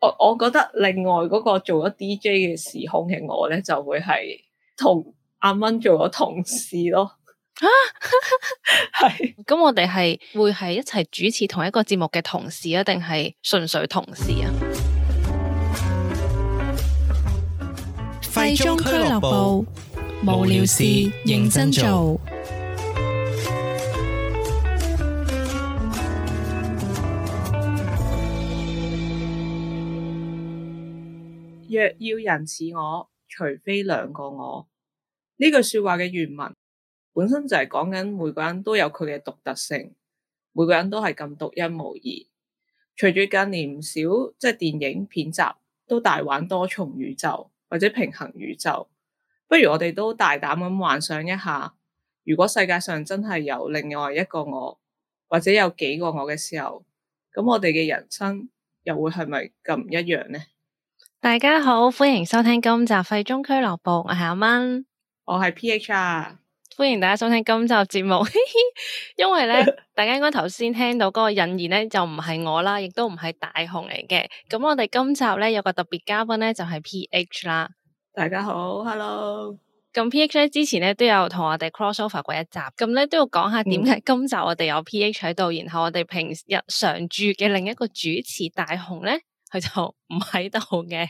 我我覺得另外嗰個做咗 DJ 嘅時空嘅我呢，就會係同阿蚊做咗同事咯。係 是。咁我哋係會係一齊主持同一個節目嘅同事啊，定係純粹同事啊？廢中俱樂部，無聊事認真做。若要人似我，除非兩個我。呢句說話嘅原文本身就係講緊每個人都有佢嘅獨特性，每個人都係咁獨一無二。隨住近年唔少即係電影片集都大玩多重宇宙或者平行宇宙，不如我哋都大膽咁幻想一下，如果世界上真係有另外一個我，或者有幾個我嘅時候，咁我哋嘅人生又會係咪咁唔一樣呢？大家好，歡迎收聽今集廢中俱樂部，我係阿蚊，我係 P H。歡迎大家收聽今集節目， 因為咧呢， 大家應該頭先聽到嗰、那個引言咧，就唔係我啦，亦都唔係大雄嚟嘅。咁我哋今集咧有個特別嘉賓咧，就係、是、P H 啦。大家好，Hello。咁 P H 咧之前咧都有同我哋 cross over 過一集，咁咧都要講下點解今集我哋有 P H 喺度，嗯、然後我哋平日常住嘅另一個主持大雄咧。佢就唔喺度嘅，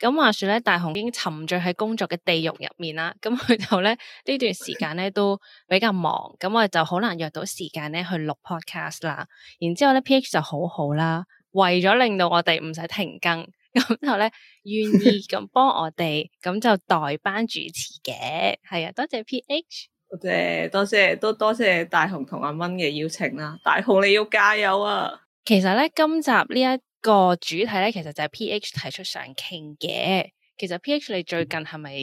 咁 話說咧，大雄已經沉醉喺工作嘅地獄入面啦。咁佢就咧呢段時間咧都比較忙，咁我哋就好難約到時間咧去錄 podcast 啦。然之後咧，PH 就好好啦，為咗令到我哋唔使停更，咁就咧願意咁幫我哋，咁 就代班主持嘅。係啊，多謝 PH，多謝，多謝，都多謝大雄同阿蚊嘅邀請啦、啊。大雄你要加油啊！其實咧，今集呢一個主題咧，其實就係 PH 提出想傾嘅。其實 PH 你最近係咪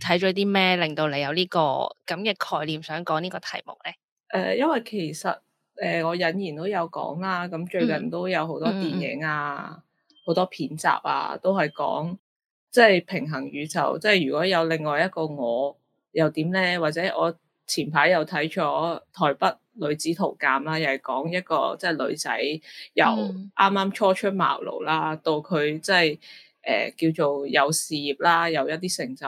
睇咗啲咩，令到你有呢、這個咁嘅概念想講呢個題目咧？誒、呃，因為其實誒、呃，我引言都有講啦。咁最近都有好多電影啊，好、嗯、多片集啊，都係講即係平行宇宙。即、就、係、是、如果有另外一個我，又點咧？或者我前排又睇咗台北。女子圖鑑啦，又係講一個即係女仔由啱啱初出茅廬啦，到佢即係誒、呃、叫做有事業啦，有一啲成就，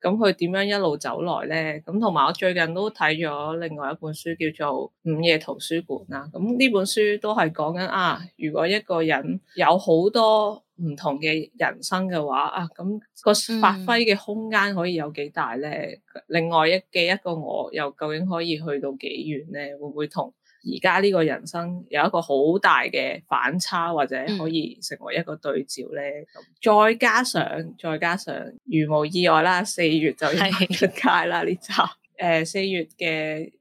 咁佢點樣一路走來咧？咁同埋我最近都睇咗另外一本書叫做《午夜圖書館》啊，咁呢本書都係講緊啊，如果一個人有好多。唔同嘅人生嘅話啊，咁、那個發揮嘅空間可以有幾大咧？嗯、另外一嘅一個我又究竟可以去到幾遠咧？會唔會同而家呢個人生有一個好大嘅反差，或者可以成為一個對照咧？嗯、再加上再加上，如無意外啦，四月就要出街啦呢的集。誒、呃，四月嘅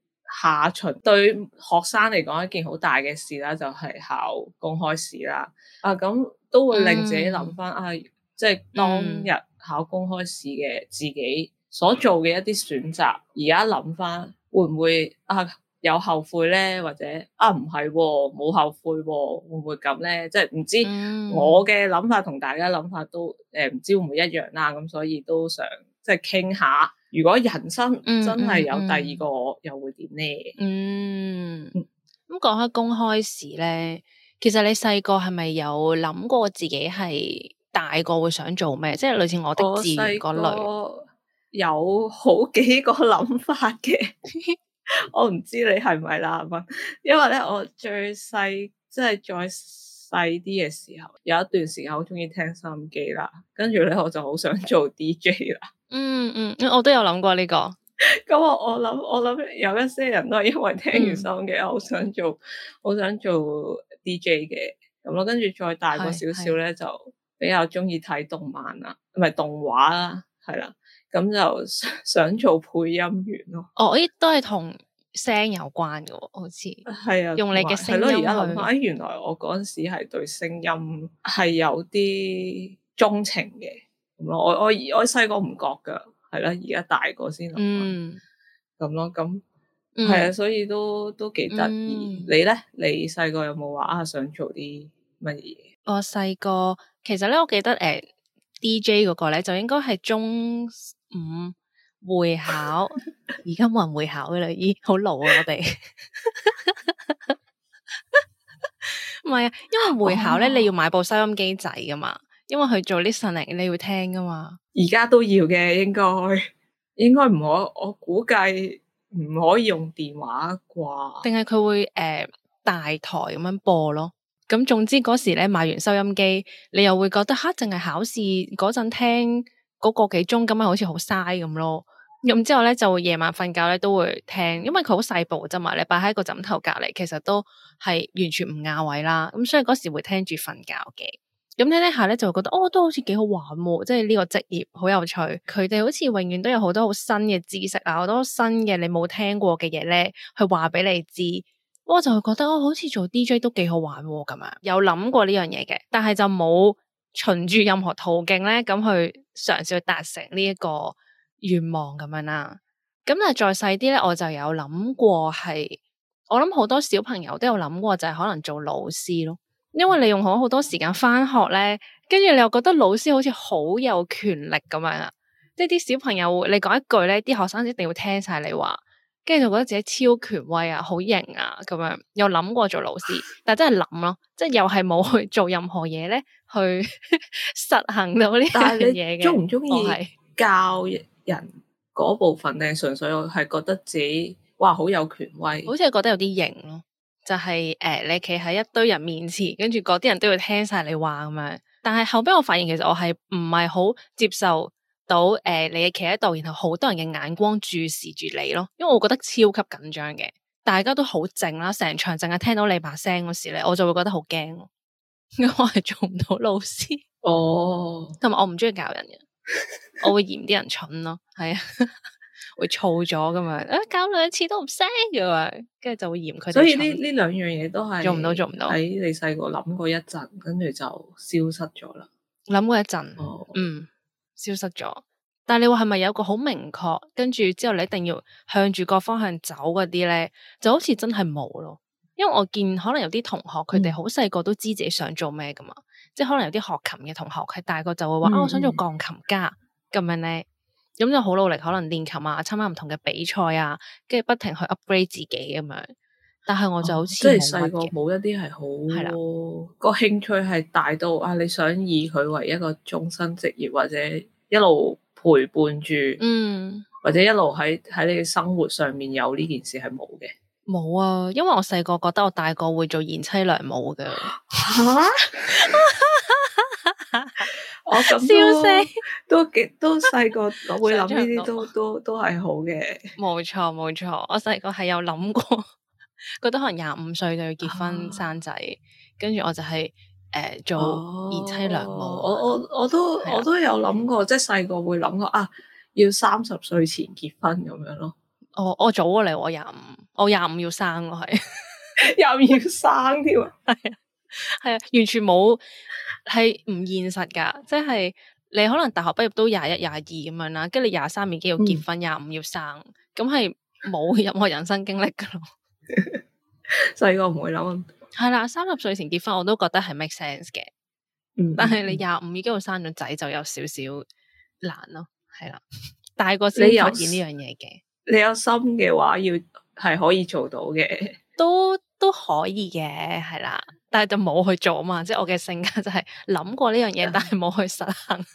下旬對學生嚟講一件好大嘅事啦，就係、是、考公開試啦。啊咁。都會令自己諗翻啊，即係當日考公開試嘅自己所做嘅一啲選擇，而家諗翻會唔會啊有後悔咧，或者啊唔係喎，冇、哦、後悔喎、哦，會唔會咁咧？即係唔知、嗯、我嘅諗法同大家諗法都誒唔、呃、知會唔會一樣啦、啊？咁所以都想即係傾下，如果人生真係有第二個，又會點咧？嗯，咁講開公開試咧。其實你細個係咪有諗過自己係大個會想做咩？即係類似我的志願嗰類，有好幾個諗法嘅。 我唔知你係唔係啦，因為咧我最細即係再細啲嘅時候，有一段時間好中意聽收音機啦，跟住咧我就好想做 DJ 啦。嗯嗯，我都有諗過呢、這個。咁、 嗯、我、這個 嗯、我諗我諗，有一些人都係因為聽完收音機，我好、嗯、想做，好想做。D.J. 嘅，咁咯，跟住再大個少少咧，是就比較中意睇動漫啦，唔係是動畫啦，係啦、嗯，咁就想做配音員咯。哦，亦都係同聲有關嘅，好似係啊，用你嘅聲咯，而家諗返的。哎，原來我嗰陣時係對聲音係有啲鍾情嘅咁咯。我我我細個唔覺噶，係啦，而家大個先諗。嗯，咁咯、嗯、咁、嗯。係啊、嗯，所以都都幾得意。嗯、你咧，你細個有冇話啊？想做啲乜嘢？我細個其實咧，我記得誒，DJ 嗰個咧就應該係中五會考，而家冇人會考嘅啦，咦、欸，好老啊我哋。唔係 啊，因為會考咧，哦、你要買部收音機仔噶嘛，因為佢做 listening 你要聽噶嘛。而家都要嘅，應該應該唔好，我估計。唔可以用電話啩，定係佢會誒、呃、大台咁樣播咯。咁總之嗰時咧買完收音機，你又會覺得吓，淨係考試嗰陣聽嗰個幾鐘，咁樣好似好嘥咁咯。咁之後咧就夜晚瞓覺咧都會聽，因為佢好細部啫嘛，你擺喺個枕頭隔籬，其實都係完全唔壓位啦。咁、啊、所以嗰時會聽住瞓覺嘅。咁呢聽下咧，就會覺得哦，都好似幾好玩，即係呢個職業好有趣。佢哋好似永遠都有好多好新嘅知識啊，好多新嘅你冇聽過嘅嘢咧，去話俾你知。我就會覺得哦，好似做 DJ 都幾好玩咁樣，有諗過呢樣嘢嘅，但係就冇循住任何途徑咧，咁去嘗試去達成呢一個願望咁樣啦。咁但係再細啲咧，我就有諗過係，我諗好多小朋友都有諗過，就係可能做老師咯。因為你用咗好多時間返學咧，跟住你又覺得老師好似好有權力咁樣啊，即係啲小朋友你講一句咧，啲學生一定要聽晒你話，跟住就覺得自己超權威啊，好型啊咁樣，又諗過做老師，但係真係諗咯， 即係又係冇去做任何嘢咧去 實行到呢樣嘢嘅。中唔中意教人嗰部分，定係純粹我係覺得自己哇好有權威？好似係覺得有啲型咯。就係、是、誒、呃，你企喺一堆人面前，跟住嗰啲人都會聽晒你話咁樣。但係後尾我發現，其實我係唔係好接受到誒、呃，你企喺度，然後好多人嘅眼光注視住你咯。因為我覺得超級緊張嘅，大家都好靜啦，成場淨係聽到你把聲嗰時咧，我就會覺得好驚。因為我係做唔到老師哦，同埋、oh. 我唔中意教人嘅， 我會嫌啲人蠢咯，係啊。會燥咗噶嘛？誒、啊，搞兩次都唔識嘅話，跟住就會嫌佢。所以呢呢兩樣嘢都係做唔到，做唔到。喺你細個諗過一陣，跟住就消失咗啦。諗過一陣，嗯，消失咗。但係你話係咪有個好明確，跟住之後你一定要向住個方向走嗰啲咧，就好似真係冇咯。因為我見可能有啲同學，佢哋好細個都知自己想做咩噶嘛？嗯、即係可能有啲學琴嘅同學，佢大個就會話：啊、嗯哦，我想做鋼琴家咁樣咧。咁就好努力，可能練琴啊，參加唔同嘅比賽啊，跟住不停去 upgrade 自己咁樣。但係我就好似即係細個冇一啲係好，係個興趣係大到啊！你想以佢為一個終身職業，或者一路陪伴住，嗯，或者一路喺喺你嘅生活上面有呢件事係冇嘅。冇啊，因為我細個覺得我大個會做賢妻良母嘅。吓，我咁笑死，都幾都細個我會諗呢啲都都都係好嘅。冇錯冇錯，我細個係有諗過， 覺得可能廿五歲就要結婚生仔，跟住、啊、我就係、是、誒、呃、做賢妻良母、哦樣我。我我我都 我都有諗過，即係細個會諗過啊，要三十歲前結婚咁樣咯。我我早啊，你我廿五，我廿五要生，我係廿五要生添，係、yeah, 啊、exactly, no，係啊，完全冇，係唔現實噶，即係你可能大學畢業都廿一廿二咁樣啦，跟住廿三已經要結婚，廿五要生，咁係冇任何人生經歷噶咯。細個唔會諗，係啦，三十歲前結婚我都覺得係 make sense 嘅，但係你廿五已經要生咗仔，就有少少難咯，係啦，大個先發現呢樣嘢嘅。你有心嘅話，要係可以做到嘅，都都可以嘅，係啦。但係就冇去做啊嘛，即、就、係、是、我嘅性格就係諗過呢樣嘢，嗯、但係冇去實行。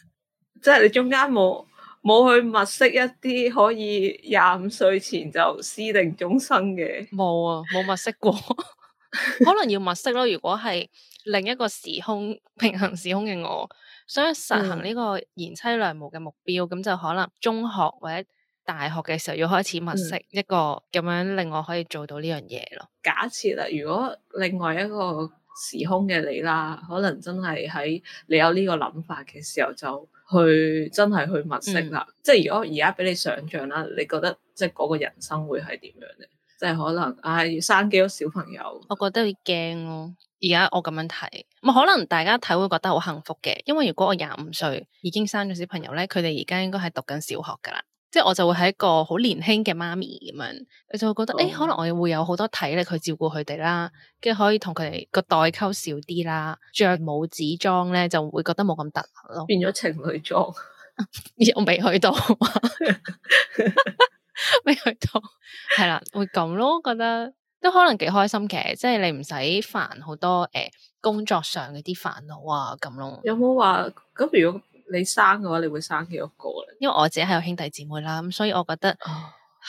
即係你中間冇冇去物色一啲可以廿五歲前就私定終生嘅，冇啊，冇物色過。 可能要物色咯，如果係另一個時空平行時空嘅我，想實行呢個賢妻良母嘅目標，咁、嗯、就可能中學或者。大學嘅時候要開始物色、嗯、一個咁樣令我可以做到呢樣嘢咯。假設啦，如果另外一個時空嘅你啦，可能真係喺你有呢個諗法嘅時候，就去真係去物色啦。嗯、即係如果而家俾你想象啦，你覺得即係嗰個人生會係點樣咧？即、就、係、是、可能唉，啊、生幾多小朋友？我覺得驚咯、啊。而家我咁樣睇，咁、嗯、可能大家睇會覺得好幸福嘅，因為如果我廿五歲已經生咗小朋友咧，佢哋而家應該係讀緊小學噶啦。即係我就會係一個好年輕嘅媽咪咁樣，你就會覺得、嗯、誒，可能我會有好多體力去照顧佢哋啦，跟住可以同佢哋個代溝少啲啦，着母子裝咧就會覺得冇咁突兀咯，變咗情侶裝，我未 去到，未 去到，係 啦，會咁咯，覺得都可能幾開心嘅，即係你唔使煩好多誒、呃、工作上嘅啲煩惱啊咁咯。有冇話咁如果？你生嘅話，你會生幾多個呢？因為我自己係有兄弟姊妹啦，咁所以我覺得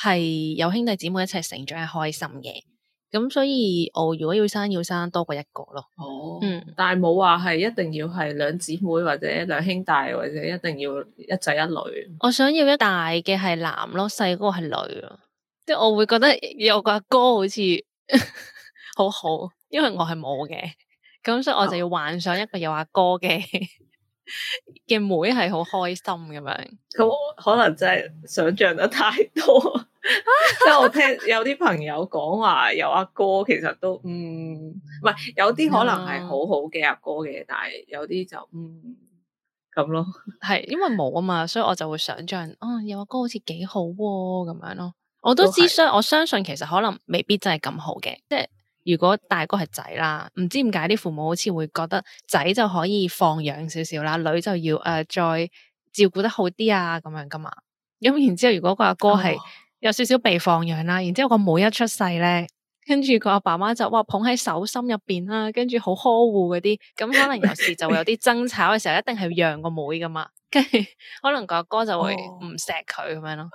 係有兄弟姊妹一齊成長係開心嘅。咁所以我如果要生，要生多過一個咯。哦，嗯，但係冇話係一定要係兩姊妹或者兩兄弟，或者一定要一仔一女。我想要一大嘅係男咯，細嗰個係女咯，即係我會覺得有個阿哥好似好好，因為我係冇嘅，咁所以我就要幻想一個有阿哥嘅、哦。 嘅 妹係好開心咁樣，咁可能真係想象得太多。即係我聽有啲朋友講話有阿哥，其實都嗯，唔係有啲可能係好好嘅阿哥嘅，但係有啲就嗯咁咯。係因為冇啊嘛，所以我就會想象，哦、啊、有阿哥好似幾好咁、啊、樣咯。我都知相，我相信其實可能未必真係咁好嘅。即如果大哥係仔啦，唔知點解啲父母好似會覺得仔就可以放養少少啦，女就要誒、呃、再照顧得好啲啊咁樣噶嘛。咁然之後，如果個阿哥係有少少被放養啦，哦、然之後個妹一出世咧，跟住個阿爸媽就哇捧喺手心入邊啦，跟住好呵護嗰啲，咁可能有時就會有啲爭吵嘅時候， 一定係讓個妹噶嘛。跟住可能個阿哥就會唔錫佢咁樣咯。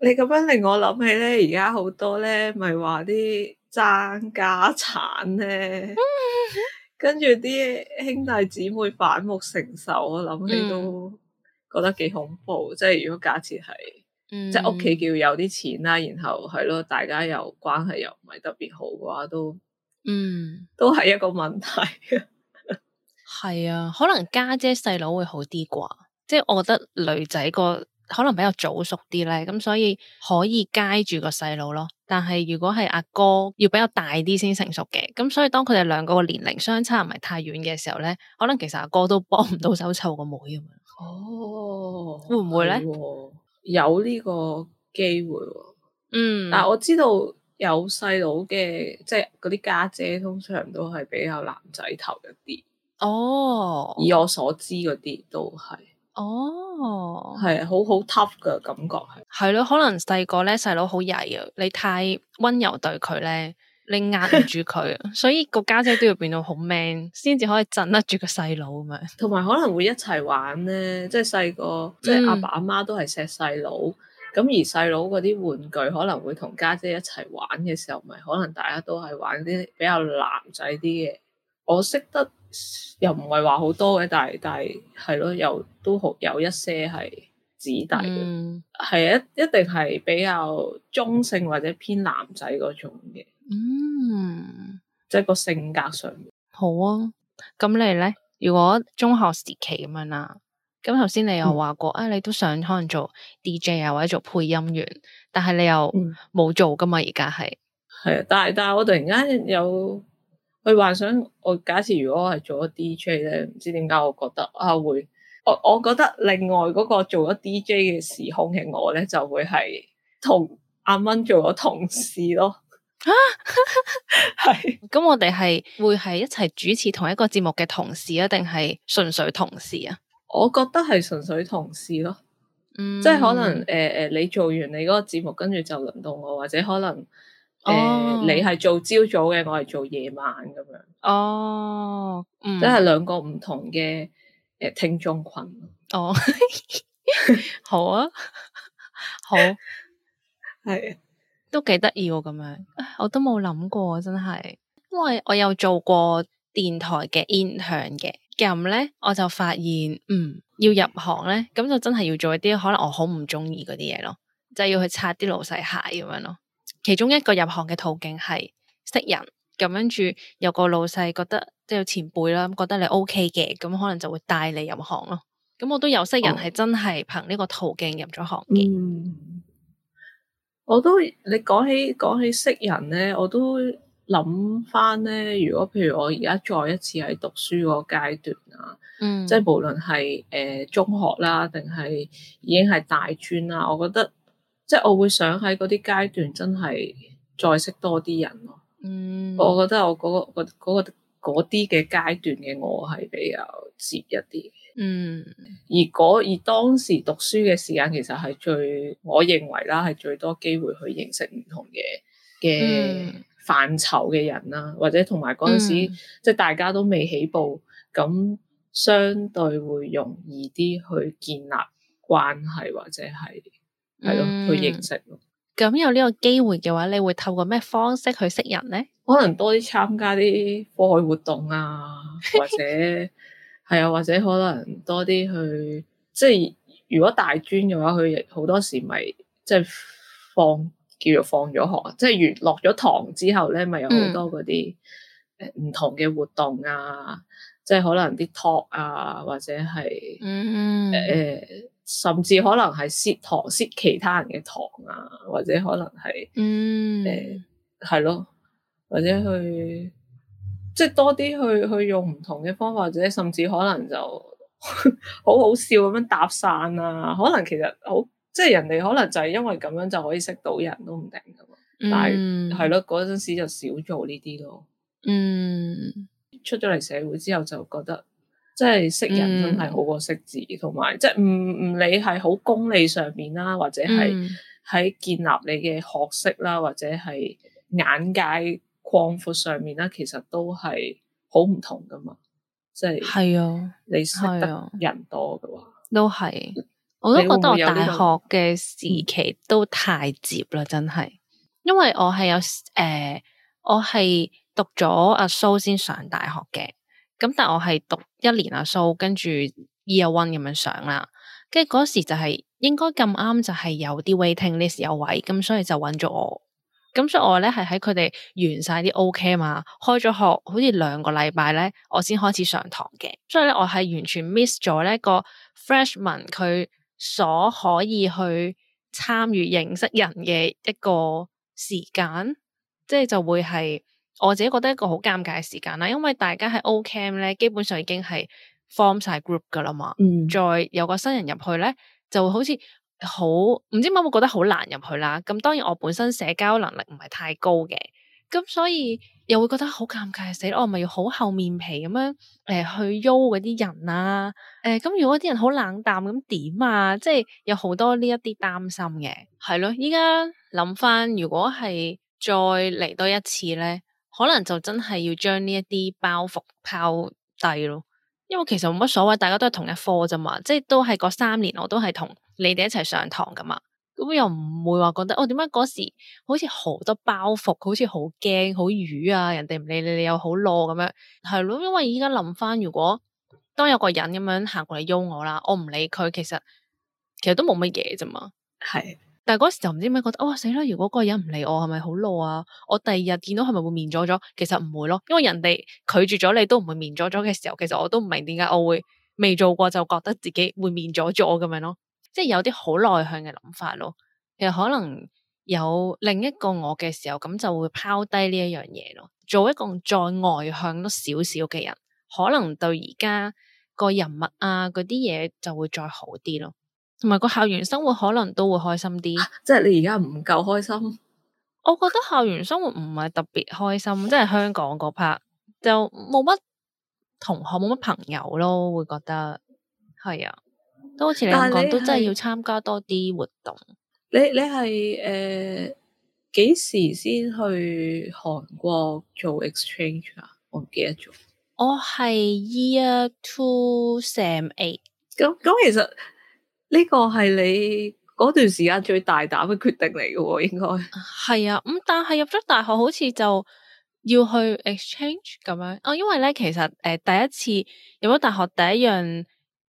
你咁樣令我諗起咧，而家好多咧，咪話啲。爭家產咧， 跟住啲兄弟姊妹反目成仇，我諗起都覺得幾恐怖。嗯、即係如果假設係，即係屋企叫有啲錢啦，然後係咯，大家關係又關係又唔係特別好嘅話，都，嗯，都係一個問題。係 啊，可能家姐細佬會好啲啩，即係我覺得女仔個。可能比較早熟啲咧，咁、嗯、所以可以街住個細佬咯。但係如果係阿哥，哥要比較大啲先成熟嘅，咁、嗯、所以當佢哋兩個年齡相差唔係太遠嘅時候咧，可能其實阿哥，哥都幫唔到手湊個妹啊嘛。哦，會唔會咧、哦？有呢個機會、哦，嗯。嗱，我知道有細佬嘅，即係嗰啲家姐通常都係比較男仔頭一啲。哦，以我所知，嗰啲都係。哦，係啊、oh.，好好 tough 嘅感覺，係，係咯，可能細個咧細佬好曳啊，你太溫柔對佢咧，你壓唔住佢，啊。 所以個家姐都要變到好 man 先至可以鎮得住個細佬咁樣。同埋可能會一齊玩咧，即係細個， 即係阿爸阿媽都係錫細佬，咁、嗯、而細佬嗰啲玩具可能會同家姐，姐一齊玩嘅時候，咪可能大家都係玩啲比較男仔啲嘅。我識得又唔係話好多嘅，但係但係係咯，又都好有一些係子弟，嘅、嗯。係啊，一定係比較中性或者偏男仔嗰種嘅，嗯，即係個性格上面。好啊，咁你咧？如果中學時期咁樣啦，咁頭先你又話過啊、嗯哎，你都想可能做 DJ 啊或者做配音員，但係你又冇做噶嘛？而家係係，但係但係我突然間有。佢幻想我，假設如果我係做咗 DJ 咧，唔知點解我覺得啊會，我我覺得另外嗰個做咗 DJ 嘅時空嘅我咧，就會係同阿蚊做咗同事咯。係。咁我哋係會係一齊主持同一個節目嘅同事啊，定係純粹同事啊？ 我覺得係純粹同事咯。嗯，即係可能誒誒、呃呃，你做完你嗰個節目，跟住就輪到我，或者可能。誒、哦呃，你係做朝早嘅，我係做夜晚咁樣。哦，即係兩個唔同嘅誒、呃、聽眾群。哦， 好啊， 好，係 是都幾得意喎，咁樣。我都冇諗過，真係。因為我有做過電台嘅 intern 嘅咁咧，我就發現，嗯，要入行咧，咁就真係要做一啲可能我好唔中意嗰啲嘢咯，就係，要去擦啲老細鞋咁樣咯。其中一個入行嘅途徑係識人，咁跟住有個老細覺得即係有前輩啦，覺得你 OK 嘅，咁可能就會帶你入行咯。咁我都有識人係真係憑呢個途徑入咗行嘅、哦嗯。我都你講起講起識人咧，我都諗翻咧，如果譬如我而家再一次喺讀書嗰個階段啊，嗯，即係無論係誒、呃、中學啦，定係已經係大專啦，我覺得。即係我會想喺嗰啲階段真係再識多啲人咯、啊，嗯、我覺得我嗰、嗰個、嗰、嗰個、啲、嗰、嘅、個、階段嘅我係比較接一啲，嗯，而嗰而當時讀書嘅時間其實係最我認為啦係最多機會去認識唔同嘅嘅範疇嘅人啦、啊，或者同埋嗰陣時、嗯、即係大家都未起步，咁相對會容易啲去建立關係或者係。係咯，去認識咯。咁、嗯、有呢個機會嘅話，你會透過咩方式去識人咧？可能多啲參加啲課外活動啊， 或者係啊，或者可能多啲去，即係如果大專嘅話，佢好多時咪即係放叫做放咗學，即係完落咗堂之後咧，咪、嗯、有好多嗰啲誒唔同嘅活動啊，即係可能啲 talk 啊，或者係嗯誒。嗯呃呃甚至可能係涉糖、涉其他人嘅糖啊，或者可能係，誒係、嗯呃、咯，或者去即係多啲去去用唔同嘅方法，或者甚至可能就呵呵好好笑咁樣搭訕啊。可能其實好，即係人哋可能就係因為咁樣就可以識到人都唔定噶嘛。但係係、嗯、咯，嗰陣時就少做呢啲咯。嗯，出咗嚟社會之後就覺得。即係識人真係好過識字，同埋、嗯、即係唔唔理係好功利上面啦，或者係喺建立你嘅學識啦，嗯、或者係眼界擴闊上面啦，其實都係好唔同噶嘛。即係係啊，你識得人多噶，都係，我都覺得我大學嘅時期都、嗯、太接啦，真係。因為我係有誒、呃，我係讀咗阿蘇先上大學嘅。咁但係我係讀一年阿蘇，跟住 year one 咁樣上啦，跟住嗰時就係、是、應該咁啱就係有啲 waiting list 有位，咁、嗯、所以就揾咗我，咁、嗯、所以我咧係喺佢哋完晒啲 OK 啊嘛，開咗學好似兩個禮拜咧，我先開始上堂嘅，所以咧我係完全 miss 咗咧個 freshman 佢所可以去參與認識人嘅一個時間，即係就會係。我自己覺得一個好尷尬嘅時間啦，因為大家喺 O Camp 咧，基本上已經係 form 晒 group 噶啦嘛。嗯。再有個新人入去咧，就好似好唔知點解會覺得好難入去啦。咁當然我本身社交能力唔係太高嘅，咁所以又會覺得好尷尬死啦。我咪要好厚面皮咁樣誒去邀嗰啲人啊？誒、呃、咁如果啲人好冷淡咁點啊？即係有好多呢一啲擔心嘅。係咯，依家諗翻，如果係再嚟多一次咧。可能就真係要將呢一啲包袱拋低咯，因為其實冇乜所謂，大家都係同一科啫嘛，即係都係嗰三年，我都係同你哋一齊上堂噶嘛，咁又唔會話覺得哦，點解嗰時好似好多包袱，好似好驚、好瘀啊，人哋唔理你，你又好囉咁樣，係咯，因為依家諗翻，如果當有個人咁樣行過嚟喐我啦，我唔理佢，其實其實都冇乜嘢啫嘛，係。但係嗰時候唔知點解覺得哇死啦！如果嗰個人唔理我，係咪好懦啊？我第二日見到係咪會面咗咗？其實唔會咯，因為人哋拒絕咗你都唔會面咗咗嘅時候，其實我都唔明點解我會未做過就覺得自己會面咗咗咁樣咯，即係有啲好內向嘅諗法咯。其實可能有另一個我嘅時候，咁就會拋低呢一樣嘢咯。做一個再外向多少少嘅人，可能對而家個人物啊嗰啲嘢就會再好啲咯。同埋個校園生活可能都會開心啲。啊，即係你而家唔夠開心。 我覺得校園生活唔係特別開心，即係香港嗰 part 就冇乜同學冇乜朋友咯，會覺得係啊。都好似你講，都真係要參加多啲活動。你你係誒，幾時先去韓國做 exchange 啊？我唔記得咗。我係 year two sem A 咁咁。其實呢個係你嗰段時間最大膽嘅決定嚟嘅？哦、應該係啊，咁、嗯、但係入咗大學好似就要去 exchange 咁樣，哦，因為咧其實誒、呃、第一次入咗大學，第一樣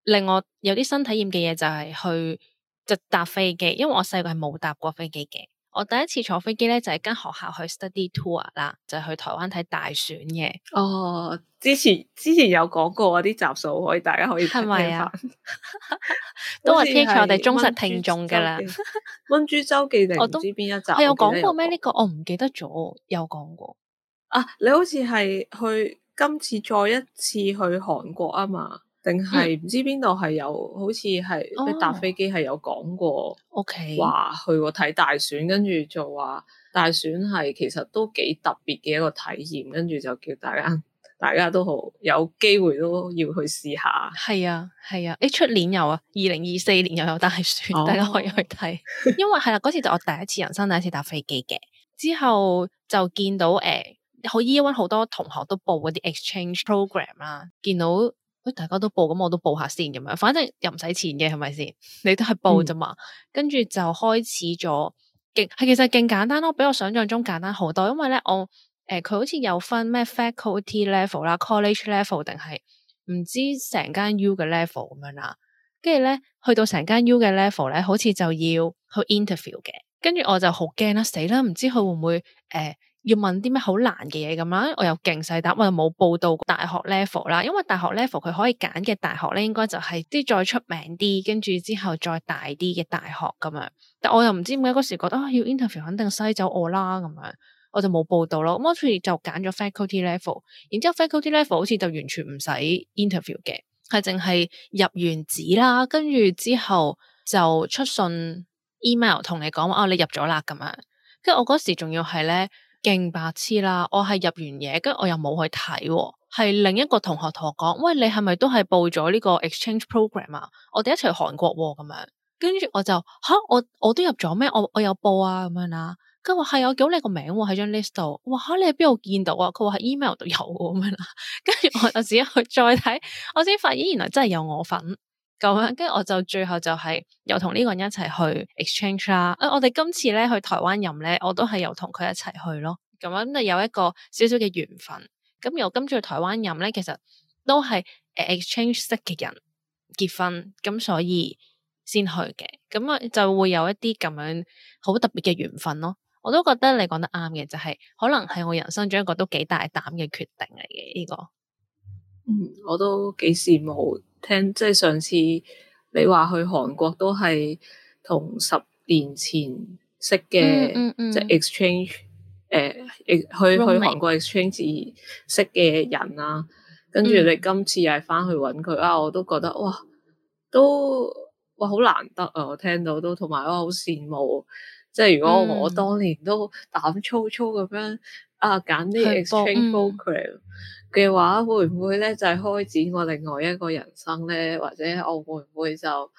令我有啲新體驗嘅嘢就係去就搭飛機，因為我細個係冇搭過飛機嘅。我第一次坐飛機咧，就係、係、跟學校去 study tour 啦，就係、去台灣睇大選嘅。哦，之前之前有講過啲集數，可以大家可以係咪啊？ 都係聽我哋忠實聽眾噶啦。溫豬周記定唔知邊一集？我有講過咩呢個？我唔記得咗。有講過啊？你好似係去今次再一次去韓國啊嘛？定係唔知邊度係有，好似係、哦、搭飛機係有講過，話 Okay. 去過睇大選，跟住就話大選係其實都幾特別嘅一個體驗，跟住就叫大家大家都好有機會都要去試下。係啊，係啊，誒出年又啊，二零二四年又有，有大選，哦、大家可以去睇。 因為係啦，嗰、啊、次就我第一次人生第一次搭飛機嘅，之後就見到誒，好呃好多同學都報嗰啲 exchange program 啦，見到。喂，大家都報，咁我都報下先咁樣，反正又唔使錢嘅，係咪先？你都係報咋嘛，嗯、跟住就開始咗，係其實勁簡單咯，比我想象中簡單好多。因為咧，我誒佢、呃、好似有分咩 faculty level 啦，college level 定係唔知成間 U 嘅 level 咁樣啦。跟住咧，去到成間 U 嘅 level 咧，好似就要去 interview 嘅。跟住我就好驚啦，死啦，唔知佢會唔會誒？呃要問啲咩好難嘅嘢咁啦，我又勁細膽，我又冇報到大學 level 啦，因為大學 level 佢可以揀嘅大學咧，應該就係啲再出名啲，跟住之後再大啲嘅大學咁樣，但我又唔知點解嗰時覺得啊要 interview 肯定篩走我啦咁樣，我就冇報到咯。咁我所以就揀咗 faculty level，然之後 faculty level 好似就完全唔使 interview 嘅，係淨係入完紙啦，跟住之後就出信 email 同你講話哦，你入咗啦咁樣。跟住我嗰時仲要係咧。勁白痴啦！我係入完嘢，跟住我又冇去睇、啊，係另一個同學同我講，喂，你係咪都係報咗呢個 exchange program 啊？我哋一齊去韓國咁、啊、樣。跟住我就吓，我我都入咗咩？我我有報啊，咁樣啦、啊。佢話係，我叫你個名喺張 list 度。哇，你喺邊度見到啊？佢話喺 email 度有咁、啊、樣啦、啊。跟住我我自己去再睇， 我先發現原來真係有我份。咁跟住我就最後就係又同呢個人一齊去 exchange 啦。誒、啊，我哋今次咧去台灣任咧，我都係又同佢一齊去咯。咁啊，咁有一個少少嘅緣分。咁、嗯、又今次去台灣任咧，其實都係誒 exchange 識嘅人結婚，咁、嗯、所以先去嘅。咁啊就會有一啲咁樣好特別嘅緣分咯。我都覺得你講得啱嘅，就係、是、可能係我人生中一個都幾大膽嘅決定嚟嘅呢個。嗯，我都幾羨慕。聽即係上次你話去韓國都係同十年前識嘅，嗯嗯嗯、即係 exchange 誒、呃、去、嗯、去韓國 exchange 識嘅人啊，跟住你今次又係翻去揾佢、嗯、啊，我都覺得哇，都哇好難得啊！我聽到都同埋我好羨慕，即係如果我當年都膽粗粗咁樣、嗯、啊揀啲 exchange program、嗯嗯嘅話會唔會咧就係、是、開展我另外一個人生咧？或者我會唔會就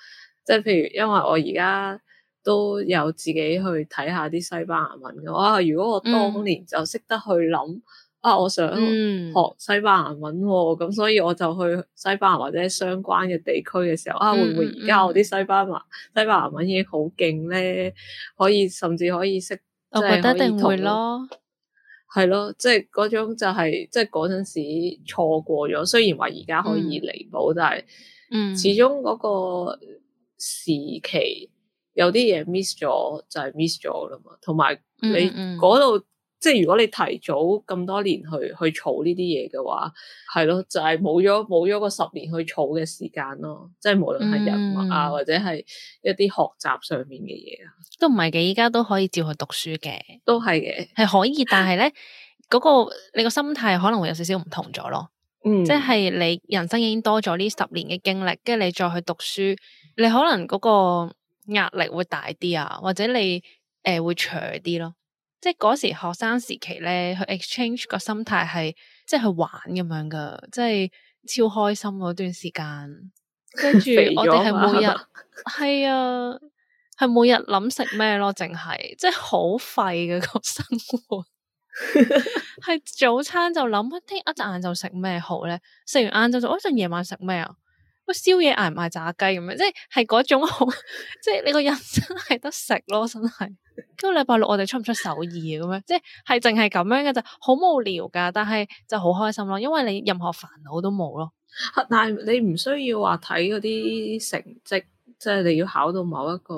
即係譬如因為我而家都有自己去睇下啲西班牙文嘅。啊，如果我當年就識得去諗、嗯、啊，我想學、嗯、學西班牙文喎、哦，咁所以我就去西班牙或者相關嘅地區嘅時候啊，會唔會而家我啲西班牙、嗯嗯、西班牙文已經好勁咧？可以甚至可以識，我覺得一定會咯。係咯，即係嗰種就係、是，即係嗰陣時錯過咗。雖然話而家可以彌補，但係，嗯，始終嗰個時期有啲嘢 miss 咗就係、是、miss 咗啦嘛。同埋你嗰度。嗯嗯即係如果你提早咁多年去去儲呢啲嘢嘅話，係咯，就係冇咗冇咗個十年去儲嘅時間咯。即係無論係人物啊，或者係一啲學習上面嘅嘢啊，都唔係嘅。依家都可以照去讀書嘅，都係嘅，係可以。但係咧，嗰、 嗰個你個心態可能會有少少唔同咗咯。嗯、即係你人生已經多咗呢十年嘅經歷，跟住你再去讀書，你可能嗰個壓力會大啲啊，或者你誒、呃、會長啲咯。即係嗰時學生時期咧，去 exchange 個心態係，即係去玩咁樣噶，即係超開心嗰段時間。跟住我哋係每日係 啊，係每日諗食咩咯，淨係即係好廢嘅個生活。係 早餐就諗一啲、啊，一陣晏晝食咩好咧？食完晏晝就我一陣夜晚食咩啊？我宵夜挨唔挨炸雞咁樣？即係係嗰種好，即係你個人真係得食咯，真係。咁禮拜六我哋出唔出手意咁樣，即係淨係咁樣嘅就好無聊噶，但係就好開心咯，因為你任何煩惱都冇咯。但係你唔需要話睇嗰啲成績，即係你要考到某一個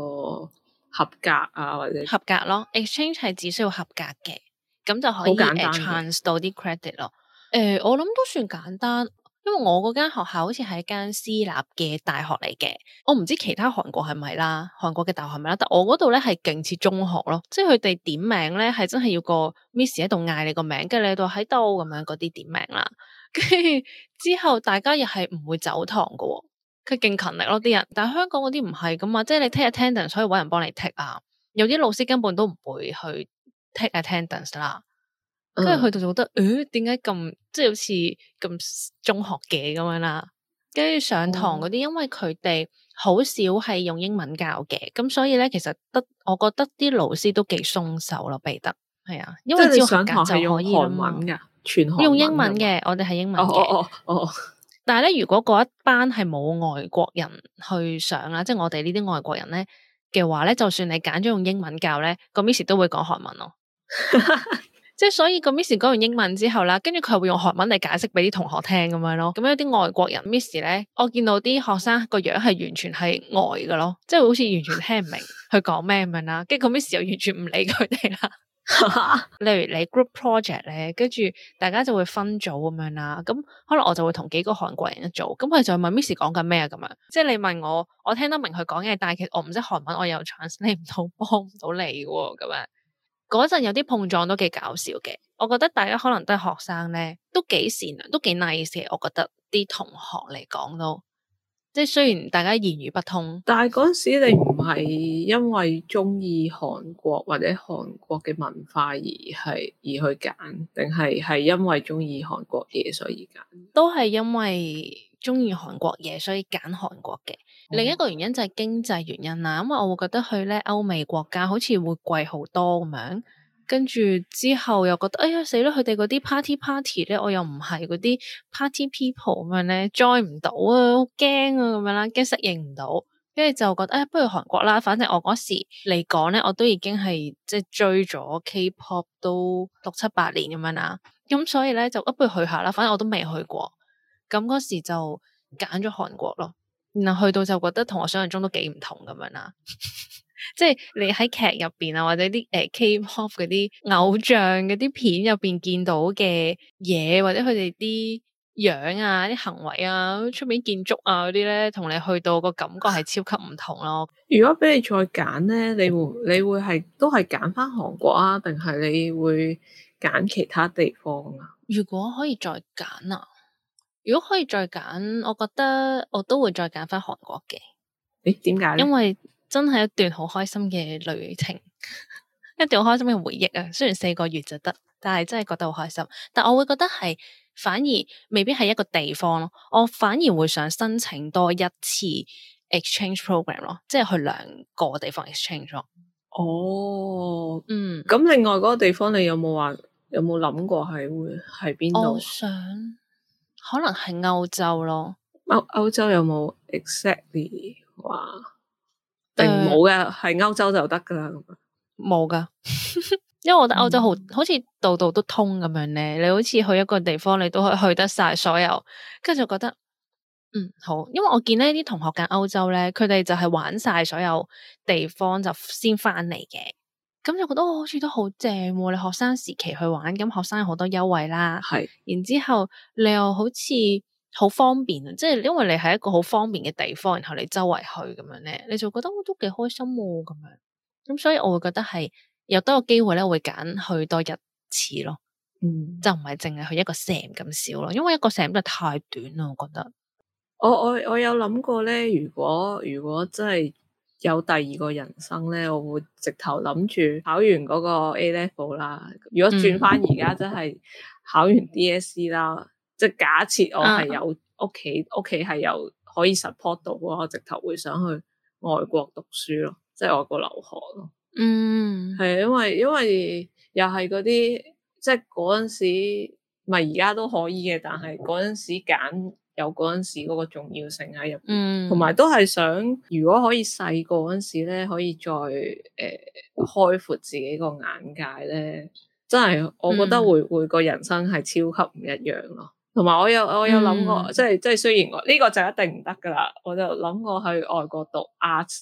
合格啊，或者 合格咯。Exchange 係只需要合格嘅，咁就可以 exchange 到啲 credit 咯。誒、啊，我諗都算簡單。因為我嗰間學校好似係一間私立嘅大學嚟嘅，我唔知其他韓國係咪啦，韓國嘅大學係咪啦，但我嗰度咧係勁似中學咯，即係佢哋點名咧係真係要個 miss 喺度嗌你個名、名，跟住你喺度喺度咁樣嗰啲點名啦，跟住之後大家又係唔會走堂嘅，佢勁勤力咯啲人，但係香港嗰啲唔係噶嘛，即係你 take attendance 所以揾人幫你剔啊，有啲老師根本都唔會去 take attendance 啦。跟住佢哋就覺得，嗯、誒，點解咁即係好似咁中學嘅咁樣啦？跟住上堂嗰啲，哦、因為佢哋好少係用英文教嘅，咁所以咧，其實得，我覺得啲老師都幾鬆手咯，彼得係啊，因為只要學就可以上堂用韓文噶，全用英文嘅，哦、我哋係英文嘅，哦。哦哦但係咧，如果嗰一班係冇外國人去上啦，即係我哋呢啲外國人咧嘅話咧，就算你揀咗用英文教咧，個 Miss 都會講韓文咯。 即係所以，個 Miss 講完英文之後啦，跟住佢會用韓文嚟解釋俾啲同學聽咁樣咯。咁樣啲外國人 Miss 咧，我見到啲學生個樣係完全係呆噶咯，即係好似完全聽唔明佢講咩咁樣啦。跟住 Miss 又完全唔理佢哋啦。哈哈 例如你 group project 咧，跟住大家就會分組咁樣啦。咁可能我就會同幾個韓國人一組，咁佢就問 Miss 講緊咩啊咁樣。即係你問我，我聽得明佢講嘢，但係其實我唔識韓文，我又 translate 唔到，幫唔到你咁樣。嗰陣有啲碰撞都幾搞笑嘅，我覺得大家可能都係學生咧，都幾善良，都幾 nice 嘅。我覺得啲同學嚟講都，即係雖然大家言語不通，但係嗰陣時你唔係因為中意韓國或者韓國嘅文化而係而去揀，定係係因為中意韓國嘢所以揀，都係因為中意韓國嘢所以揀韓國嘅。嗯、另一個原因就係經濟原因啦，咁啊我會覺得去咧歐美國家好似會貴好多咁樣，跟住之後又覺得哎呀死啦，佢哋嗰啲 party party 咧，我又唔係嗰啲 party people 咁樣咧，join 唔到啊，好驚啊咁樣啦，驚適應唔到，跟住就覺得哎不如韓國啦，反正我嗰時嚟講咧，我都已經係即係追咗 K-pop 都六七八年咁樣啦，咁所以咧就啊不如去下啦，反正我都未去過，咁嗰時就揀咗韓國咯。去到就覺得同我想象中都幾唔同咁樣啦，即係你喺劇入邊啊，或者啲誒、呃、K-pop 嗰啲偶像嗰啲片入邊見到嘅嘢，或者佢哋啲樣啊、啲行為啊、出面建築啊嗰啲咧，同你去到個感覺係超級唔同咯。如果俾你再揀咧、啊，你會你會係都係揀返韓國啊，定係你會揀其他地方啊？如果可以再揀啊？如果可以再揀，我覺得我都會再揀返韓國嘅。誒、欸，點解咧？因為真係一段好開心嘅旅程， 一段好開心嘅回憶啊！雖然四個月就得，但係真係覺得好開心。但我會覺得係反而未必係一個地方咯，我反而會想申請多一次 exchange program 咯，即係去兩個地方 exchange 咯。哦，嗯。咁另外嗰個地方，你有冇話有冇諗過係會喺邊度？想？可能係歐洲咯，歐歐洲有冇 exactly 話定冇嘅？係歐、呃、洲就得噶啦，冇噶、呃，沒的 因為我覺得歐洲好好似度度都通咁樣咧，嗯、你好似去一個地方你都可以去得晒所有，跟住就覺得嗯好，因為我見呢啲同學嘅歐洲咧，佢哋就係玩晒所有地方就先翻嚟嘅。咁就覺得好似都好正喎！你學生時期去玩，咁學生有好多優惠啦。係是，然之後你又好似好方便啊，即係因為你係一個好方便嘅地方，然後你周圍去咁樣咧，你就覺得我、哦、都幾開心喎，咁樣。咁所以我會覺得係有多個機會咧，我會揀去多一次咯。嗯，就唔係淨係去一個 sam 咁少咯，因為一個 sam 就太短啦，我覺得。我我我有諗過咧，如果如果真係。有第二個人生咧，我會直頭諗住考完嗰個 A level 啦。如果轉翻而家真係考完 DSE 啦，即係假設我係有屋企，屋企係有可以 support 到嘅，我直頭會想去外國讀書咯，即係外國留學咯。嗯，係因為因為又係嗰啲，即係嗰陣時，唔係而家都可以嘅，但係嗰陣時揀。有嗰陣時嗰個重要性喺入面，同埋、嗯、都係想，如果可以細個嗰陣時咧，可以再誒、呃、開闊自己個眼界咧，真係我覺得會、嗯、會個人生係超級唔一樣咯。同埋我有我有諗過，即係即係雖然我呢、這個就一定唔得噶啦，我就諗過去外國讀 arts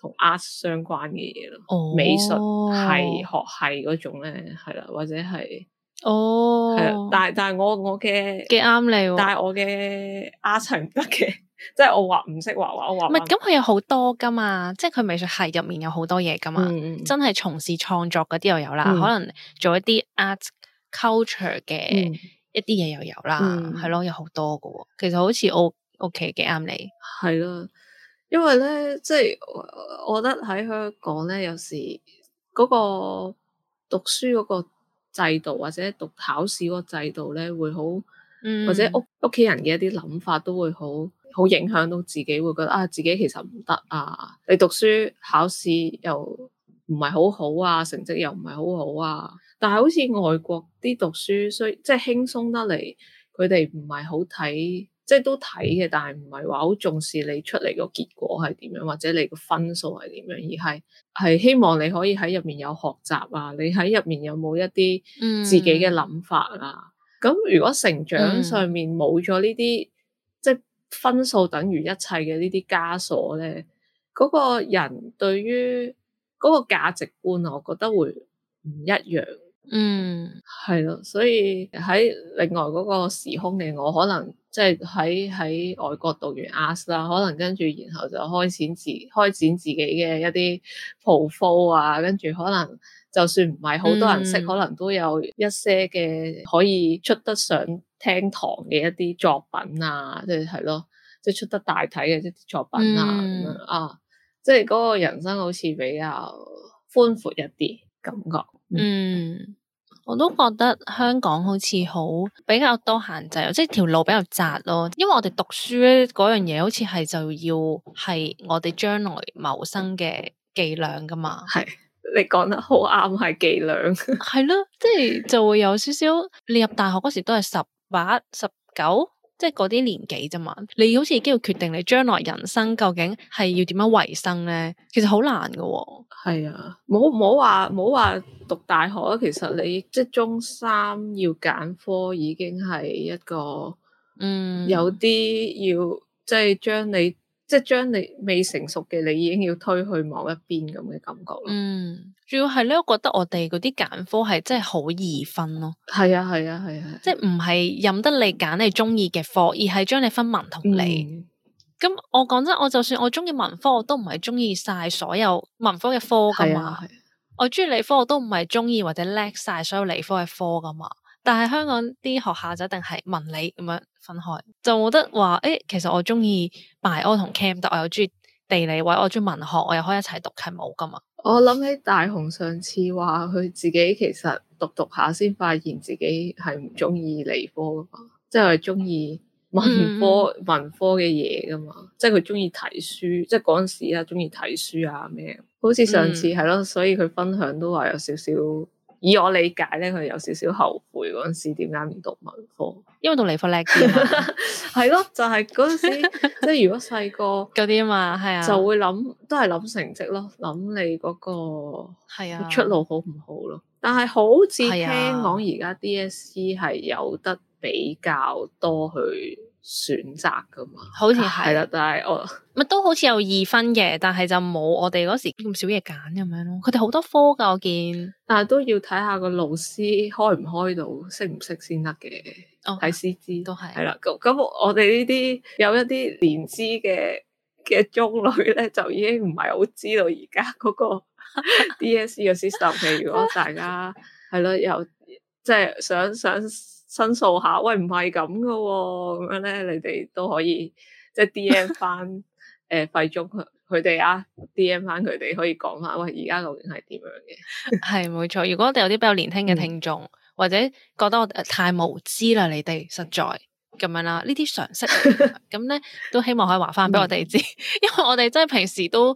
同 arts 相關嘅嘢咯，哦、美術係學系嗰種咧，係啦，或者係。哦、oh，但係但係我我嘅幾啱你，但係我嘅阿陳唔得嘅，即係我畫唔識畫畫，我畫唔咪咁佢有好多噶嘛即係佢美術系入面有好多嘢噶嘛嗯、真係從事創作嗰啲又有啦，嗯、可能做一啲 art culture 嘅一啲嘢又有啦，係咯、嗯，有好多噶其實好似我屋企實幾啱你，係啦，因為咧即係我我覺得喺香港咧有時嗰個讀書嗰、嗰個。制度或者讀考試嗰個制度咧，會好，嗯、或者屋屋企人嘅一啲諗法都會好，好影響到自己，會覺得啊，自己其實唔得啊，你讀書考試又唔係好好啊，成績又唔係好好啊，但係好似外國啲讀書，雖即係輕鬆得嚟，佢哋唔係好睇。即係都睇嘅，但係唔係話好重視你出嚟個結果係點樣，或者你個分數係點樣，而係係希望你可以喺入面有學習啊，你喺入面有冇一啲自己嘅諗法啊？咁、嗯、如果成長上面冇咗呢啲，嗯、即係分數等於一切嘅呢啲枷鎖咧，嗰、嗰個人對於嗰個價值觀，我覺得會唔一樣。嗯，係咯，所以喺另外嗰個時空嘅我，可能即係喺喺外國讀完 ask 啦，可能跟住然後就開展自開展自己嘅一啲鋪鋪啊，跟住可能就算唔係好多人識，嗯、可能都有一些嘅可以出得上廳堂嘅一啲作品啊，即係，係咯，即係、就是、出得大體嘅一啲作品啊，咁樣、嗯、啊，即係嗰個人生好似比較寬闊一啲感覺。嗯，我都覺得香港好似好比較多限制，即係條路比較窄咯。因為我哋讀書咧嗰樣嘢，好似係就要係我哋將來謀生嘅伎倆㗎嘛。係，你講得好啱，係伎倆。係 咯，即係就會有少少。你入大學嗰時都係十八、十九。即係嗰啲年紀啫嘛，你好似已經要決定你將來人生究竟係要點樣維生咧，其實好難噶喎係啊，唔好唔好話唔好話讀大學啊，其實你即係中三要揀科，已經係一個嗯有啲要即係將你。即係將你未成熟嘅你已經要推去某一邊咁嘅感覺咯。嗯，主要係咧，我覺得我哋嗰啲揀科係真係好易分咯。係啊，係啊，係啊，即係唔係任得你揀你中意嘅科，而係將你分文同理。咁、嗯、我講真，我就算我中意文科，我都唔係中意晒所有文科嘅科噶嘛。啊啊、我中意理科，我都唔係中意或者叻晒所有理科嘅科噶嘛。但係香港啲學校就一定係文理咁樣。分開就覺得話誒、欸，其實我中意埋柯同 Cam，但我又中意地理，或者我中意文學，我又可以一齊讀係冇噶嘛。我諗起大雄上次話佢自己其實讀讀下先發現自己係唔中意理科噶嘛，即係佢中意文科、mm hmm. 文科嘅嘢噶嘛，即係佢中意睇書，即係嗰陣時啦，中意睇書啊咩，好似上次係咯、mm hmm.，所以佢分享都話有少少。以我理解咧，佢有少少後悔嗰陣時點解唔讀文科，因為讀理科叻啲啊。係咯，就係嗰陣時， 即係如果細個嗰啲啊嘛，係啊，就會諗都係諗成績咯，諗你嗰、嗰個係啊出路好唔好咯。但係好似聽講而家 DSE 係有得比較多去，選擇噶嘛，好似係啦，但係我咪都好似有二分嘅，但係就冇我哋嗰時咁少嘢揀咁樣咯。佢哋好多科噶，我見，但係都要睇下個老師開唔開到，識唔識先得嘅。睇師資都係，係啦，咁咁我哋呢啲有一啲年資嘅嘅中女咧，就已經唔係好知道而家嗰個 DSE 嘅的 system。譬如如果大家係咯，又即係想想。想想申訴下，喂，唔係咁嘅喎，咁樣咧，你哋都可以即係、就是、D M 翻誒廢中佢佢哋啊，D M 翻佢哋可以講下，喂，而家究竟係點樣嘅？係冇錯，如果我哋有啲比較年輕嘅聽眾，嗯、或者覺得我哋、呃、太無知啦，你哋實在咁樣啦，呢啲常識咁咧， 都希望可以話翻俾我哋知、嗯， 因為我哋真係平時都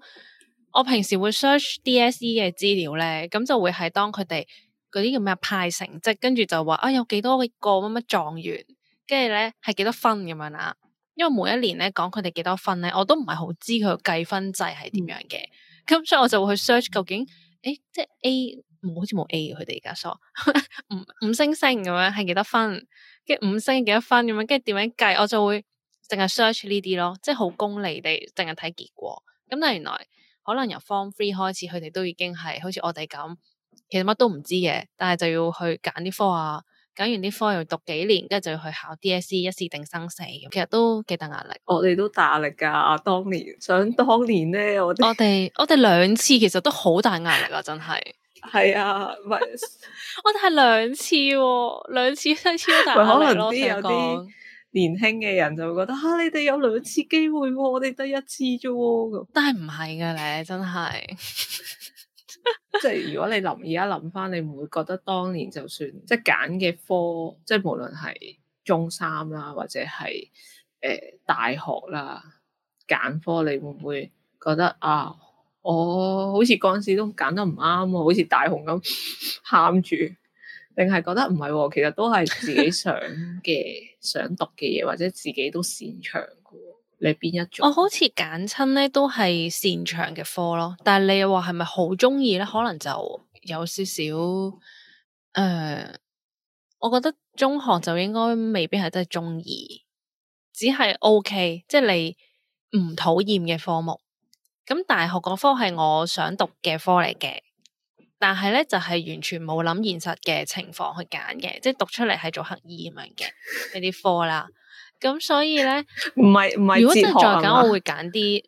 我平時會 search D S E 嘅資料咧，咁就會係當佢哋。嗰啲叫咩派成績，跟住就話啊有幾多個乜乜狀元，跟住咧係幾多分咁樣啦。因為每一年咧講佢哋幾多分咧，我都唔係好知佢嘅計分制係點樣嘅。咁、嗯、所以我就會去 search 究竟，誒、欸、即係 A,、欸、即 A 好似冇 A 佢哋而家，五 五星星咁樣係幾多分，跟五星幾多分咁樣，跟住點樣計，我就會淨係 search 呢啲咯，即係好功利地淨係睇結果。咁但係原來可能由 form three 開始，佢哋都已經係好似我哋咁。其實乜都唔知嘅，但係就要去揀啲科啊，揀完啲科又讀幾年，跟住就要去考 DSE，一試定生死，其實都幾大壓力。我哋都大壓力噶，當年想當年咧，我 我哋我哋兩次其實都好大壓力啊， 真係係啊，唔係我哋係兩次，兩次都超大壓力咯。可能有啲年輕嘅人就會覺得吓、 啊，你哋有兩次機會，我哋得一次啫。 但係唔係嘅咧，真係。 即係如果你諗而家諗翻，你唔會覺得當年就算即係揀嘅科，即係無論係中三啦，或者係誒、呃、大學啦揀科，你會唔會覺得啊？我、哦、好似嗰陣時都揀得唔啱啊，好似大雄咁喊住，定係覺得唔係、哦？其實都係自己想嘅、 想讀嘅嘢，或者自己都擅長。你邊一種？我好似揀親咧，都係擅長嘅科咯。但係你話係咪好中意咧？可能就有少少誒，我覺得中學就應該未必係真係中意，只係 OK，即係你唔討厭嘅科目。咁大學嗰科係我想讀嘅科嚟嘅，但係咧就係、是、完全冇諗現實嘅情況去揀嘅，即係讀出嚟係做乞兒咁樣嘅呢啲科啦。咁所以咧，唔係唔係。如果真係再揀，我會揀啲。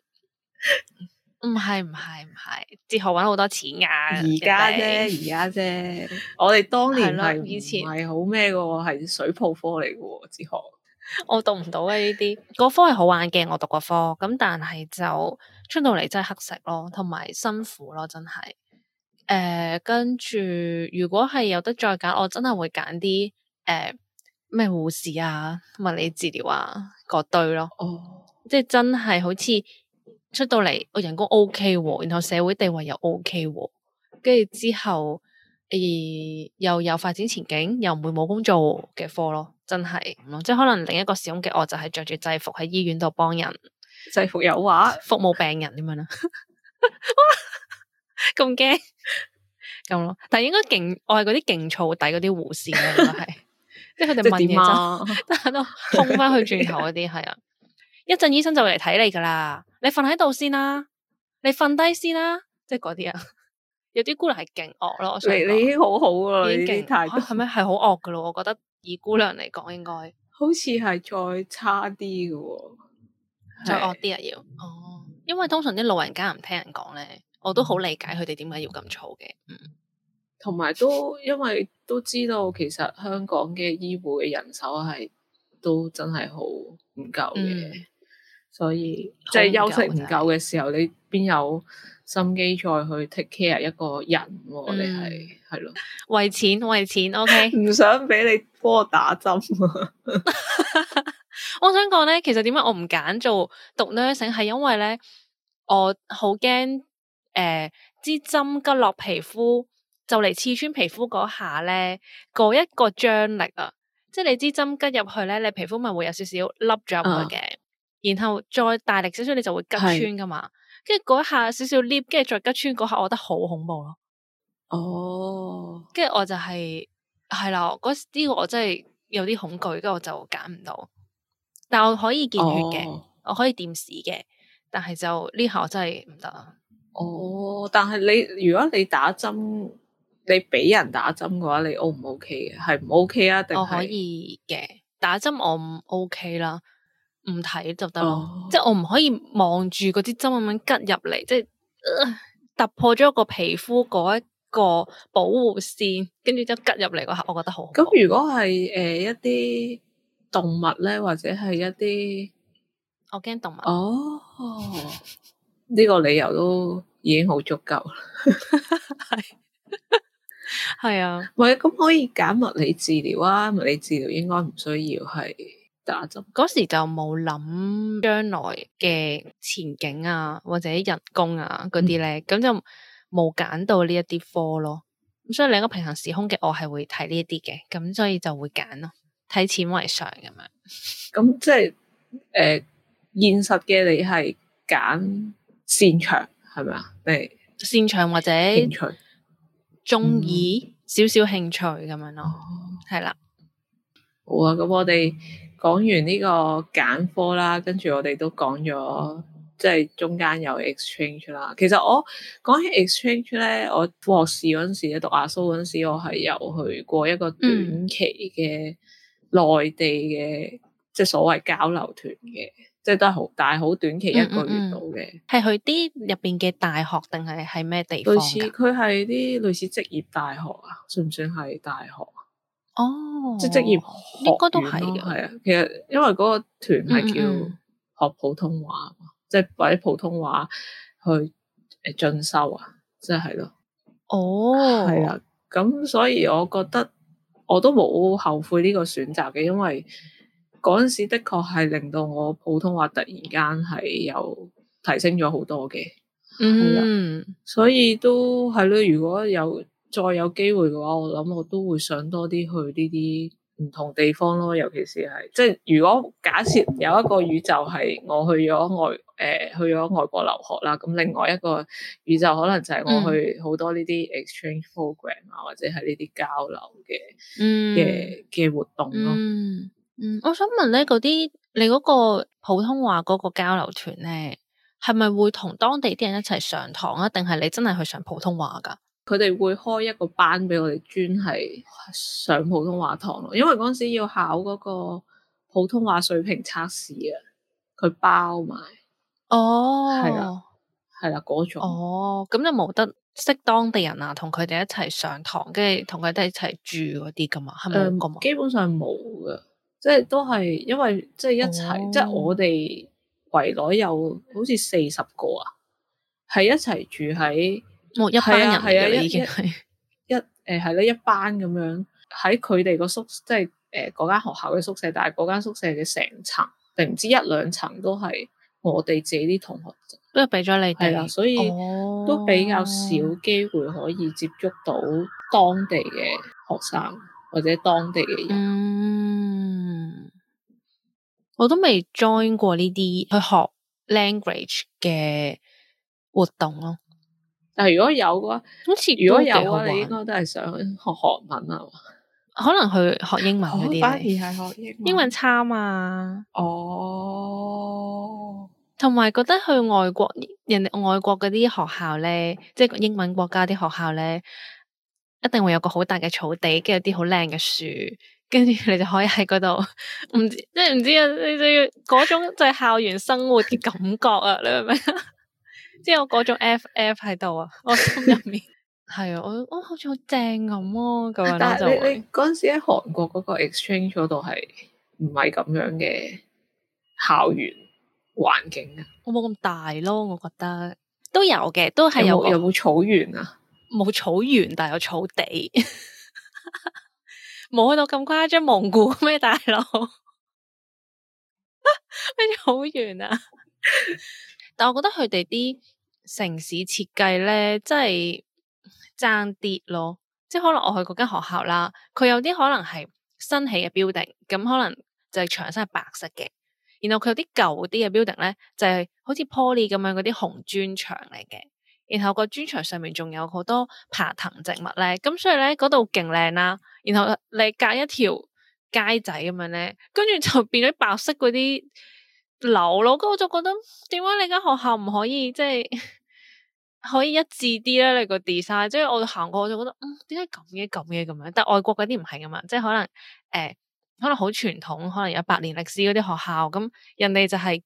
唔係唔係唔係，哲學揾好多錢噶啊。而家啫， 而家啫。我哋當年係以前係好咩嘅？係水泡科嚟嘅。哲學 我讀唔到嘅呢啲，嗰科係好玩嘅。我讀嗰科，咁但係就出到嚟真係黑色咯，同埋辛苦咯，真係。誒，跟住如果係有得再揀，我真係會揀啲誒。呃咩護士啊、物理治療啊，嗰堆咯，oh。即係真係好似出到嚟，我人工 O、OK、K，、啊、然後社會地位又 O K，跟住之後而、哎、又有發展前景，又唔會冇工作嘅科咯，真係咁咯。即係可能另一個時空嘅我，就係着住制服喺醫院度幫人制服誘惑服務病人點樣咧、啊？哇， 咁驚咁咯？但係應該勁，我係嗰啲勁燥底嗰啲護士咯，係。 即係佢哋問嘢啫，即係喺度哄翻去轉頭嗰啲係啊，一 陣 醫生就嚟睇你噶啦，你瞓喺度先啦、啊，你瞓低先啦、啊啊，即係嗰啲啊， 有啲姑娘係勁惡咯，所以你，你已經好好咯，已經太係咪係好惡噶咯，我覺得以姑娘嚟講應該好似係再差啲嘅，再惡啲啊要哦，因為通常啲老人家唔聽人講咧，我都好理解佢哋點解要咁嘈嘅，嗯。同埋都，因為都知道其實香港嘅醫護嘅人手係都真係好唔夠嘅，所以即係休息唔夠嘅時候，就是、你邊有心機再去 take care 一個人、啊？嗯、你係係咯為，為錢為錢，OK？唔 想俾你幫我打針啊！ 我想講咧，其實點解我唔揀做讀 nursing 係因為咧，我好驚誒支針拮落皮膚。就嚟刺穿皮膚嗰下咧，嗰一個張力啊，即係你支針拮入去咧，你皮膚咪會有少少凹咗入去嘅，啊、然後再大力少少，你就會拮穿噶嘛。跟住嗰下少少 l 跟住再拮穿嗰刻，下我覺得好恐怖咯。哦。跟住我就係係啦，嗰呢個我真係有啲恐懼，跟住我就揀唔到。但我可以見血嘅，我可以掂屎嘅，但係就呢下我真係唔得啊。哦。但係你如果你打針。你俾人打針嘅話，你 O 唔 O K 嘅？係唔 O K 啊？定我可以嘅打針，okay，oh. 我唔 O K 啦，唔睇就得。即係我唔可以望住嗰啲針咁樣吉入嚟，即係、呃、突破咗個皮膚嗰一個保護線，跟住就吉入嚟嗰下，我覺得好，好，好。咁如果係誒、呃、一啲動物咧，或者係一啲我驚動物哦、呢、oh. 個理由都已經好足夠。 係啊，唔係咁，可以揀物理治療啊，物理治療應該唔需要係打針。嗰時就冇諗將來嘅前景啊，或者人工啊嗰啲咧，咁、嗯、就冇揀到呢一啲科咯。咁所以兩個平行時空嘅我係會睇呢一啲嘅，咁所以就會揀咯，睇錢為上咁樣。咁即係誒、呃，現實嘅你係揀擅長係咪啊？你擅長或者中意、嗯、少少興趣咁樣咯，係啦、哦。的好啊，咁我哋講完呢個揀科啦，跟住我哋都講咗，即、就、係、是、中間有 exchange 啦。其實我講起 exchange 咧，我副學士嗰陣時咧，讀阿蘇嗰陣時，我係有去過一個短期嘅內地嘅，嗯、即係所謂交流團嘅。即係都係好，但好短期一個月到嘅。係去啲入邊嘅大學，定係係咩地方？類似佢係啲類似職業大學啊，算唔算係大學啊？哦，即係職業學院啊？係啊，其實因為嗰個團係叫學普通話，即係擺啲普通話去誒進修啊，即係咯。哦，係啊，咁所以我覺得我都冇後悔呢個選擇嘅，因為。嗰陣時的確係令到我普通話突然間係有提升咗好多嘅，嗯，所以都係咯。如果有再有機會嘅話，我諗我都會想多啲去呢啲唔同地方咯。尤其是係即係，如果假設有一個宇宙係我去咗外誒、呃、去咗外國留學啦，咁另外一個宇宙可能就係我去好多呢啲 exchange program 啊，嗯、或者係呢啲交流嘅嘅嘅活動咯。嗯。嗯，我想問咧，嗰啲你嗰個普通話嗰個交流團咧，係咪會同當地啲人一齊上堂啊？定係你真係去上普通話噶？佢哋會開一個班俾我哋專係上普通話堂咯，因為嗰時要考嗰個普通話水平測試啊，佢包埋。哦，係啦，係啦，嗰種。哦，咁你冇得識當地人啊，同佢哋一齊上堂，跟住同佢哋一齊住嗰啲噶嘛，係咪咁？基本上冇噶。即係都係，因為即係一齊，oh. 即係我哋圍內有好似四十個啊，係一齊住喺，一班人，係啊，係啊，已經係一誒係啦，一班咁、啊啊啊、樣喺佢哋個宿，即係誒嗰間學校嘅宿舍，但係嗰間宿舍嘅成層定唔知一兩層都係我哋自己啲同學，都係俾咗你哋、啊，所以、oh. 都比較少機會可以接觸到當地嘅學生或者當地嘅人。嗯我都未 join 過呢啲去學 language 嘅活動咯。但係如果有嘅，好似如果有嘅，我哋應該都係想去學韓文啊。可能去學英文嗰啲，哦，反而係學英文，英文差嘛。哦，同埋覺得去外國人哋外國嗰啲學校咧，即係英文國家啲學校咧，一定會有個好大嘅草地，跟住啲好靚嘅樹。跟住你就可以喺嗰度，唔即係唔知啊，即係嗰種就係校園生活嘅感覺啊！你明唔明？即係我嗰種 FF 喺度啊，我心入面係啊， 我我好似好正咁咯，咁樣。但係你嗰陣時喺韓國嗰個 exchange 嗰度係唔係咁樣嘅校園環境啊？我冇咁大咯，我覺得都有嘅，都係有，有冇草原啊？冇草原，但係有草地。 冇去到咁誇張蒙古咩，大佬？跟住好遠啊！啊 但我覺得佢哋啲城市設計咧，真係爭啲咯。即係可能我去嗰間學校啦，佢有啲可能係新起嘅 building，咁可能就係牆身係白色嘅。然後佢有啲舊啲嘅 building 咧，就係、是、好似 poly 咁樣嗰啲紅磚牆嚟嘅。然後個磚牆上面仲有好多爬藤植物咧，咁所以咧嗰度勁靚啦。然後你隔一條街仔咁樣咧，跟住就變咗白色嗰啲樓咯。咁我就覺得，點解你間學校唔可以即係可以一致啲咧？你個 design 即係我行過，我就覺得，嗯，點解咁嘅咁嘅咁樣？但外國嗰啲唔係噶嘛，即係可能誒、呃，可能好傳統，可能有百年歷史嗰啲學校，咁人哋就係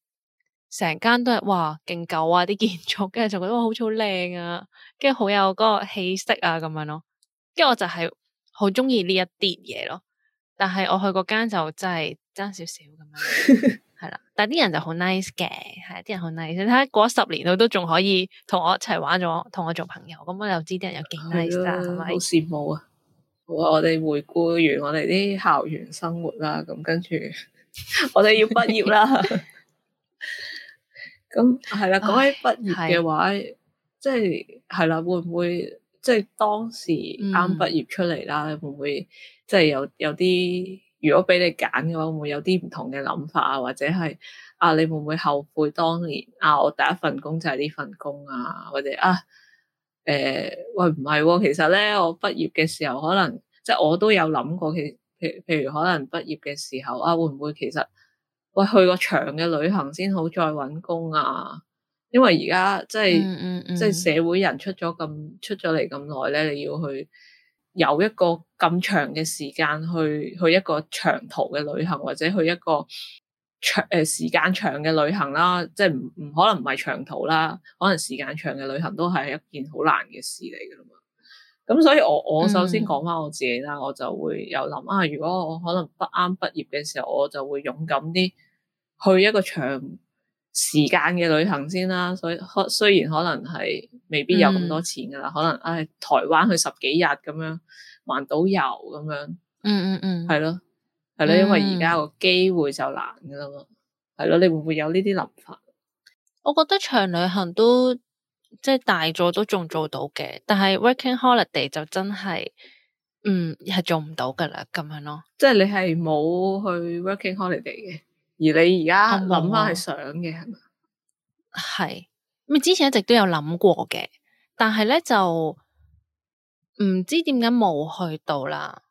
成間都係哇勁舊啊啲建築，跟住就覺得哇好似好靚啊，跟住好有嗰個氣息啊咁樣咯。跟住我就係。好中意呢一啲嘢咯，但係我去嗰間就真係爭少少咁樣，係啦。 但係啲人就好 nice 嘅，係啲人好 nice。你睇下過咗十年佢都仲可以同我一齊玩咗，同我做朋友，咁我又知啲人有幾 nice 啦係咪？好羨慕啊！好啊，我哋回顧完我哋啲校園生活啦，咁跟住 我哋要畢業啦。咁係啦，講起畢業嘅話，即係係啦，會唔會？即係當時啱畢業出嚟啦，嗯、你會唔會即係有有啲？如果俾你揀嘅話，會唔會有啲唔同嘅諗法啊？或者係啊，你會唔會後悔當年啊？我第一份工就係呢份工啊？或者啊，誒、呃、喂，唔係喎，其實咧，我畢業嘅時候可能即係我都有諗過，其譬譬如可能畢業嘅時候啊，會唔會其實喂去個長嘅旅行先好再揾工啊？因為而家即係、嗯嗯、即係社會人出咗咁出咗嚟咁耐咧，你要去有一個咁長嘅時間去去一個長途嘅旅行，或者去一個長誒、呃、時間長嘅旅行啦，即係唔唔可能唔係長途啦，可能時間長嘅旅行都係一件好難嘅事嚟噶啦嘛。咁所以我我首先講翻我自己啦，嗯、我就會有諗啊，如果我可能不啱畢業嘅時候，我就會勇敢啲去一個長時間嘅旅行先啦，所以可雖然可能係未必有咁多錢噶啦，嗯、可能唉台灣去十幾日咁樣，環島遊咁樣，嗯嗯嗯，係、嗯、咯，係咯，因為而家個機會就難噶、嗯、啦嘛，係咯，你會唔會有呢啲諗法？我覺得長旅行都即係大咗都仲做到嘅，但係 working holiday 就真係，嗯係做唔到噶啦咁樣咯，即係你係冇去 working holiday 嘅。而你而家諗翻係想嘅係咪？係咁、嗯，之前一直都有諗過嘅，但係咧就唔知點解冇去到啦。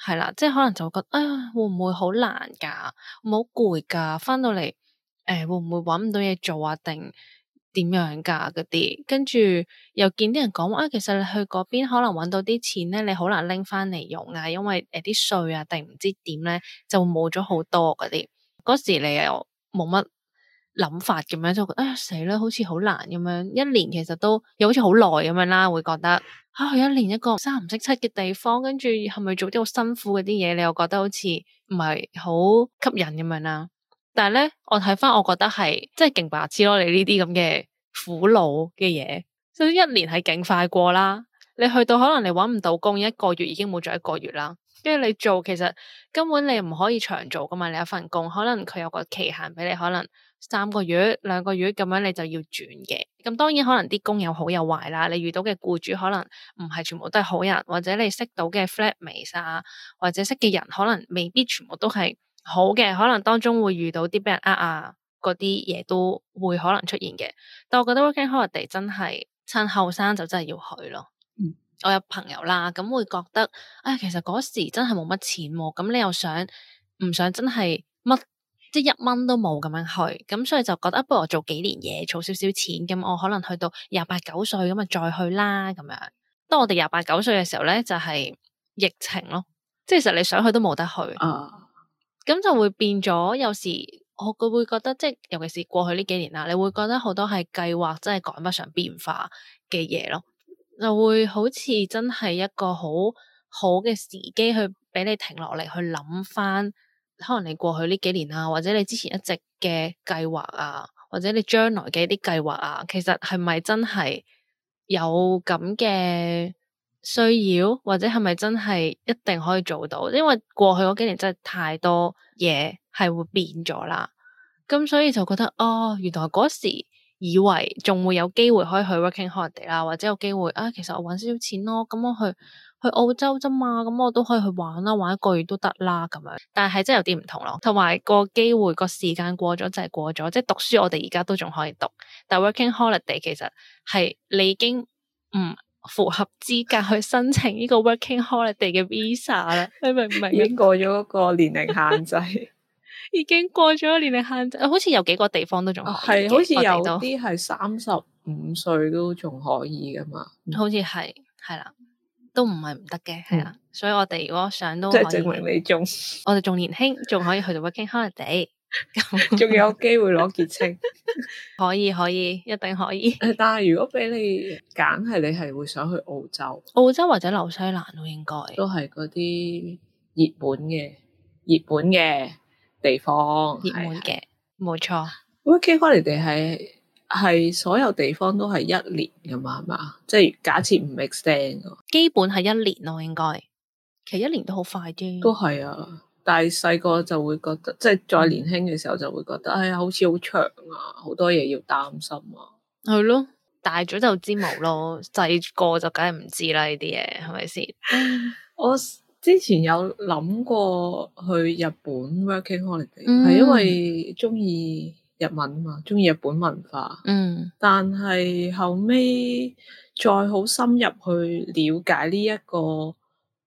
係啦，即係可能就會覺得啊、哎，會唔會好難噶？會唔會好攰噶？翻到嚟誒，會唔會搵唔到嘢做啊？定點樣噶嗰啲？跟住又見啲人講啊、哎，其實你去嗰邊可能搵到啲錢咧，你好難拎翻嚟用啊，因為誒啲稅啊，定唔知點咧，就冇咗好多嗰啲。嗰時你又冇乜諗法咁樣，就覺得啊，死啦，好似好難咁樣。一年其實都又好似好耐咁樣啦，會覺得啊，去一年一個三唔識七嘅地方，跟住係咪做啲好辛苦嗰啲嘢？你又覺得好似唔係好吸引咁樣啦。但係咧，我睇翻，我覺得係即係勁白痴咯。你呢啲咁嘅苦惱嘅嘢，就算一年係勁快過啦，你去到可能你搵唔到工，一個月已經冇咗一個月啦。跟住你做，其實根本你唔可以長做噶嘛。你有份工，可能佢有個期限俾你，可能三個月、兩個月咁樣，你就要轉嘅。咁當然可能啲工有好有壞啦。你遇到嘅僱主可能唔係全部都係好人，或者你識到嘅 flatmates 啊，或者識嘅人可能未必全部都係好嘅，可能當中會遇到啲俾人呃啊，嗰啲嘢都會可能出現嘅。但我覺得 working holiday 真係趁後生就真係要去咯。嗯。我有朋友啦，咁會覺得，啊、哎，其實嗰時真係冇乜錢，啊，咁你又想唔想真係乜，即一蚊都冇咁樣去，咁所以就覺得不如我做幾年嘢，儲少少錢，咁我可能去到廿八九歲咁啊再去啦，咁樣。當我哋廿八九歲嘅時候咧，就係、是、疫情咯，即其實你想去都冇得去，咁、uh、就會變咗有時我佢會覺得，即尤其是過去呢幾年啦，你會覺得好多係計劃真係趕不上變化嘅嘢咯。就會好似真係一個好好嘅時機，去俾你停落嚟，去諗翻，可能你過去呢幾年啊，或者你之前一直嘅計劃啊，或者你將來嘅一啲計劃啊，其實係咪真係有咁嘅需要，或者係咪真係一定可以做到？因為過去嗰幾年真係太多嘢係會變咗啦，咁所以就覺得哦，原來嗰時。以為仲會有機會可以去 working holiday 啦，或者有機會啊，其實我搵少少錢咯，咁、嗯、我去去澳洲啫嘛，咁、嗯、我都可以去玩啦，玩一個月都得啦咁樣。但係真係有啲唔同咯，同埋個機會、個時間過咗就係、是、過咗，即係讀書我哋而家都仲可以讀，但 working holiday 其實係你已經唔符合資格去申請呢個 working holiday 嘅 visa 啦，你明唔明？已經過咗嗰個年齡限制。 已經過咗年齡限制， 好似有幾個地方都仲係，好似有啲係三十五歲都仲可以噶嘛？ 好似係係啦，都唔係唔得嘅，係啦、嗯。所以我哋如果想都即係證明你中，我哋仲年輕，仲可以去到 working holiday，仲 樣有機會攞結清， 可以可以，一定可以。但係如果俾你揀，係你係會想去澳洲，澳洲或者紐西蘭咯？應該都係嗰啲熱門嘅，熱門嘅。地方熱門嘅，冇錯。咁啊 k a l 哋係係所有地方都係一年噶嘛，係嘛？即係假設唔 extend 基本係一年咯，應該。其實一年都好快啲。都係啊，但係細個就會覺得，即係再年輕嘅時候就會覺得，哎，好似好長啊，好多嘢要擔心啊。係咯，大咗就， 就知冇咯，細個就梗係唔知啦呢啲嘢，係咪先？我。之前有諗過去日本 working holiday，係、嗯、因為中意日文啊嘛，中意日本文化。嗯，但係後尾再好深入去了解呢一個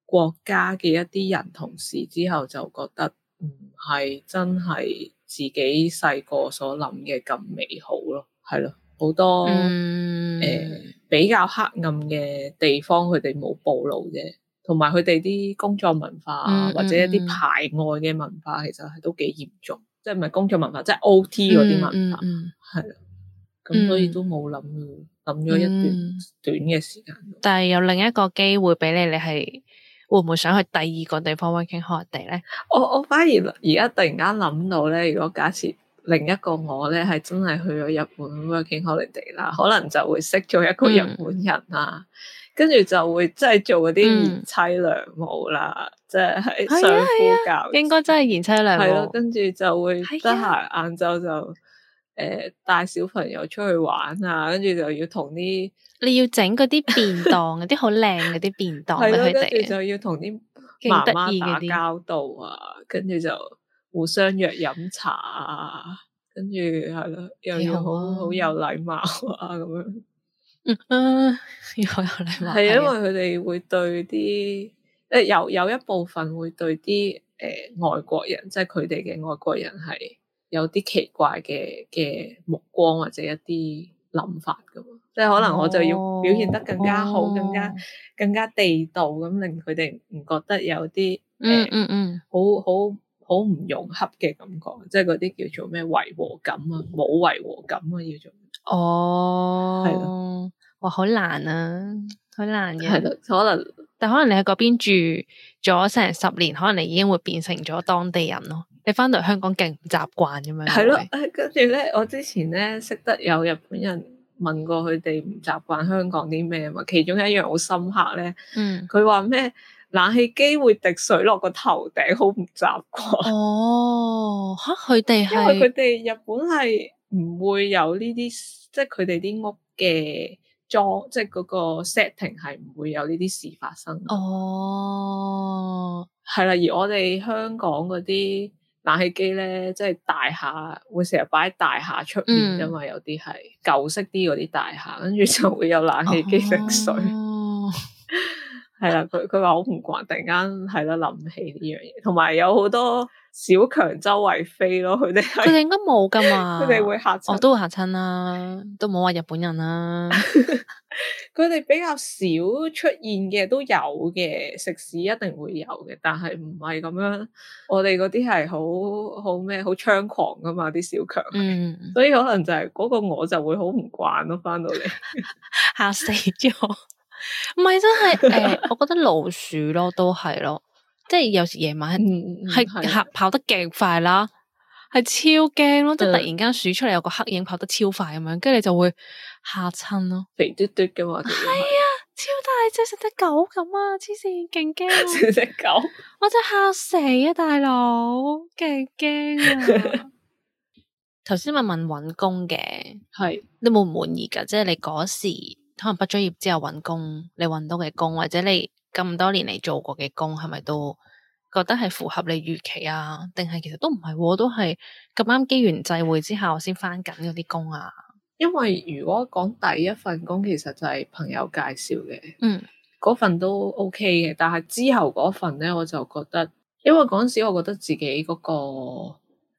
國家嘅一啲人同事之後，就覺得唔係真係自己細個所諗嘅咁美好咯，係咯，好多誒、嗯呃、比較黑暗嘅地方，佢哋冇暴露啫。同埋佢哋啲工作文化啊，或者一啲排外嘅文化，嗯、其實係都幾嚴重。即係唔係工作文化，即係 O T 嗰啲文化，嗯，係啦的。咁、嗯、所以都冇諗咯，諗咗一段短嘅時間。但係有另一個機會俾你，你係會唔會想去第二個地方 working holiday 咧？我我反而而家突然間諗到咧，如果假設另一個我咧係真係去咗日本 working holiday 啦，可能就會識咗一個日本人啊。嗯跟住就會真係做嗰啲賢妻良母啦，即係相夫教，應該真係賢妻良母。係咯，跟住就會得閒晏晝就誒帶小朋友出去玩啊，跟住就要同啲你要整嗰啲便當，嗰啲好靚嗰啲便當，係咯，跟住就要同啲媽媽打交道啊，跟住就互相約飲茶啊，跟住係咯，又要好好有禮貌啊咁樣。嗯，啊、有有禮物係因為佢哋會對啲誒有有一部分會對啲誒、呃、外國人，即係佢哋嘅外國人係有啲奇怪嘅嘅目光或者一啲諗法㗎嘛，即係可能我就要表現得更加好，哦哦、更加更加地道咁，令佢哋唔覺得有啲、呃、嗯嗯嗯好好好唔融洽嘅感覺，即係嗰啲叫做咩違和感啊，冇違和感啊，叫做。哦，係咯、oh, 的，哇，好難啊，好難嘅、啊，係咯，可能，但可能你喺嗰邊住咗成十年，可能你已經會變成咗當地人咯，你翻到嚟香港習慣，勁唔習慣咁樣，係咯，跟住咧，我之前咧識得有日本人問過佢哋唔習慣香港啲咩啊嘛，其中一樣好深刻咧，嗯，佢話咩冷氣機會滴水落個頭頂，好唔習慣，哦，吓，佢哋，因為佢哋日本係。唔會有呢啲，即係佢哋啲屋嘅裝，即係嗰個 setting 係唔會有呢啲事發生。哦，係啦，而我哋香港嗰啲冷氣機咧，即係大廈會成日擺喺大廈出面、嗯、因為，有啲係舊式啲嗰啲大廈，跟住就會有冷氣機滴水。哦哦。係啦，佢佢話好唔慣，突然間係啦諗起呢樣嘢，同埋有好多小強周圍飛咯，佢哋佢哋應該冇噶嘛，佢哋 會嚇親，我都會嚇親啦，都冇話日本人啦。佢哋 比較少出現嘅都有嘅，食肆一定會有嘅，但係唔係咁樣。我哋嗰啲係好好咩好猖狂噶嘛，啲小強，所以可能就係嗰個我就會好唔慣咯，翻到嚟嚇 死咗。唔係真係誒、欸，我覺得老鼠咯，都係咯，即係有時夜晚係係吓跑得勁快啦，係超驚咯，啊、即係突然間鼠出嚟有個黑影跑得超快咁樣，跟住你就會吓親咯，肥嘟嘟嘅嘛，係啊，超大隻，似隻狗咁啊，黐線，勁驚，似隻狗，我真係吓死啊，大佬，勁驚啊！頭先 問問揾工嘅，係的你滿唔滿意噶？即係你嗰時。可能畢咗業之後揾工，你揾到嘅工，或者你咁多年嚟做過嘅工，係咪都覺得係符合你預期啊？定係其實都唔係、啊，都係咁啱機緣際會之後先翻緊嗰啲工啊？因為如果講第一份工，其實就係朋友介紹嘅，嗯，嗰份都 OK 嘅，但係之後嗰份咧，我就覺得，因為嗰陣時我覺得自己嗰個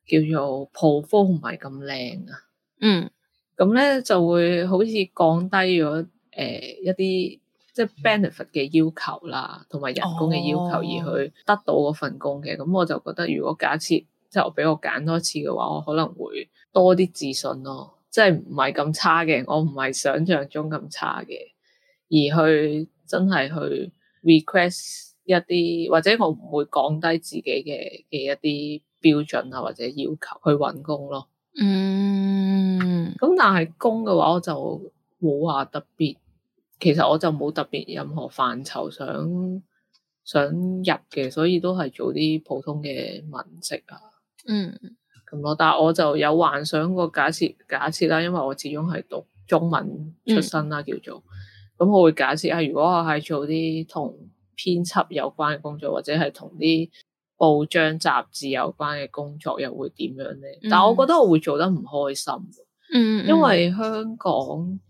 叫做 profile 唔係咁靚啊，嗯，咁咧就會好似降低咗。誒、呃、一啲即係 benefit 嘅要求啦，同埋人工嘅要求，哦、而去得到份工嘅。咁我就覺得，如果假設即係我俾我揀多一次嘅話，我可能會多啲自信咯，即係唔係咁差嘅，我唔係想象中咁差嘅，而去真係去 request 一啲，或者我唔會降低自己嘅嘅一啲標準啊，或者要求去揾工咯。嗯，咁但係工嘅話我就冇話特別。其實我就冇特別任何範疇想想入嘅，所以都係做啲普通嘅文職啊。嗯，咁咯。但係我就有幻想過假設，假設啦，因為我始終係讀中文出身啦，嗯、叫做咁，我會假設呀，如果我係做啲同編輯有關嘅工作，或者係同啲報章雜誌有關嘅工作，又會點樣咧？嗯、但係我覺得我會做得唔開心。嗯，嗯，因為香港。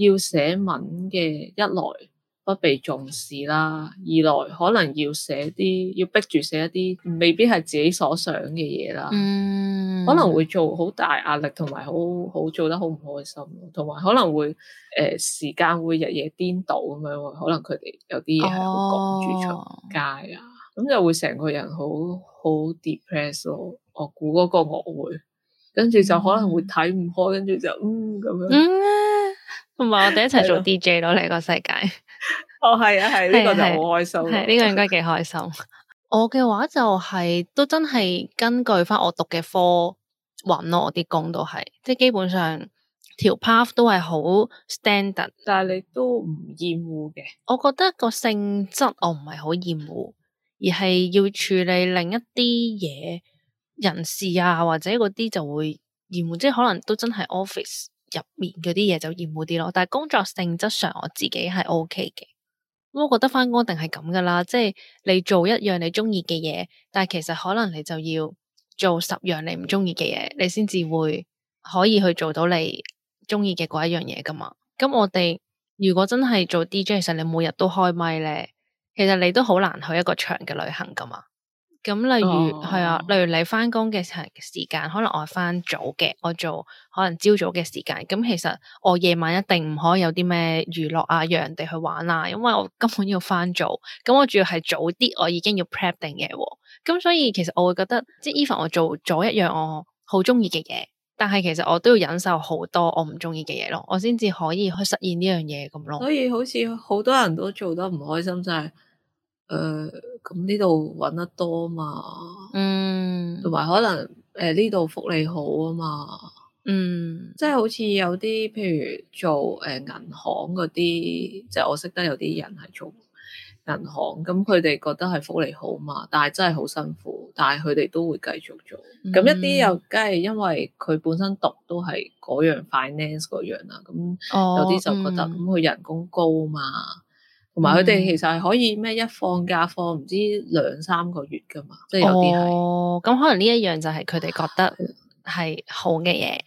要寫文嘅一來不被重視啦，二來可能要寫啲要逼住寫一啲未必係自己所想嘅嘢啦，嗯、可能會做好大壓力同埋好好做得好唔開心，同埋可能會誒、呃、時間會日夜顛倒咁樣，可能佢哋有啲嘢係好講唔住出街啊，咁、哦、就會成個人好好 depressed 咯，我估嗰個我會跟住就可能會睇唔開，跟住就嗯咁樣。嗯同埋我哋一齊做 DJ 咯了，呢個世界哦，係啊，係呢、啊 啊、個就好開心，呢個應該幾開心 我、就是我。我嘅話就係都真係根據翻我讀嘅科搵咯，我啲工都係，即係基本上條 path 都係好 standard，但係你都唔厭惡嘅。我覺得個性質我唔係好厭惡，而係要處理另一啲嘢人事啊，或者嗰啲就會厭惡，即係可能都真係 office。入面嗰啲嘢就厭惡啲咯，但係工作性質上我自己係 OK 嘅。咁我覺得翻工定係咁噶啦，即係你做一樣你中意嘅嘢，但係其實可能你就要做十樣你唔中意嘅嘢，你先至會可以去做到你中意嘅嗰一樣嘢噶嘛。咁我哋如果真係做 DJ，其實你每日都開咪咧，其實你都好難去一個長嘅旅行噶嘛。咁例如係、哦、啊，例如你翻工嘅時時間，可能我係翻早嘅，我做可能朝早嘅時間。咁其實我夜晚一定唔可以有啲咩娛樂啊，讓人哋去玩啊，因為我根本要翻早，咁我仲要係早啲，我已經要 prep 定嘢。咁所以其實我會覺得，即係 even 我做咗一樣我好中意嘅嘢，但係其實我都要忍受好多我唔中意嘅嘢咯，我先至可以去實現呢樣嘢咁咯。所以好似好多人都做得唔開心晒。 誒，咁呢度搵得多嘛？嗯，同埋可能誒呢度福利好啊嘛，嗯，即係好似有啲譬如做誒銀、呃、行嗰啲，即係我識得有啲人係做銀行，咁佢哋覺得係福利好嘛，但係真係好辛苦，但係佢哋都會繼續做。咁、嗯、一啲又梗係因為佢本身讀都係嗰樣 finance 嗰、哦、樣啦，咁有啲就覺得咁佢、嗯、人工高啊嘛。同埋佢哋其實係可以咩？一放假放唔知兩三個月噶嘛，即係有啲係。哦，咁、嗯、可能呢一樣就係佢哋覺得係好嘅嘢，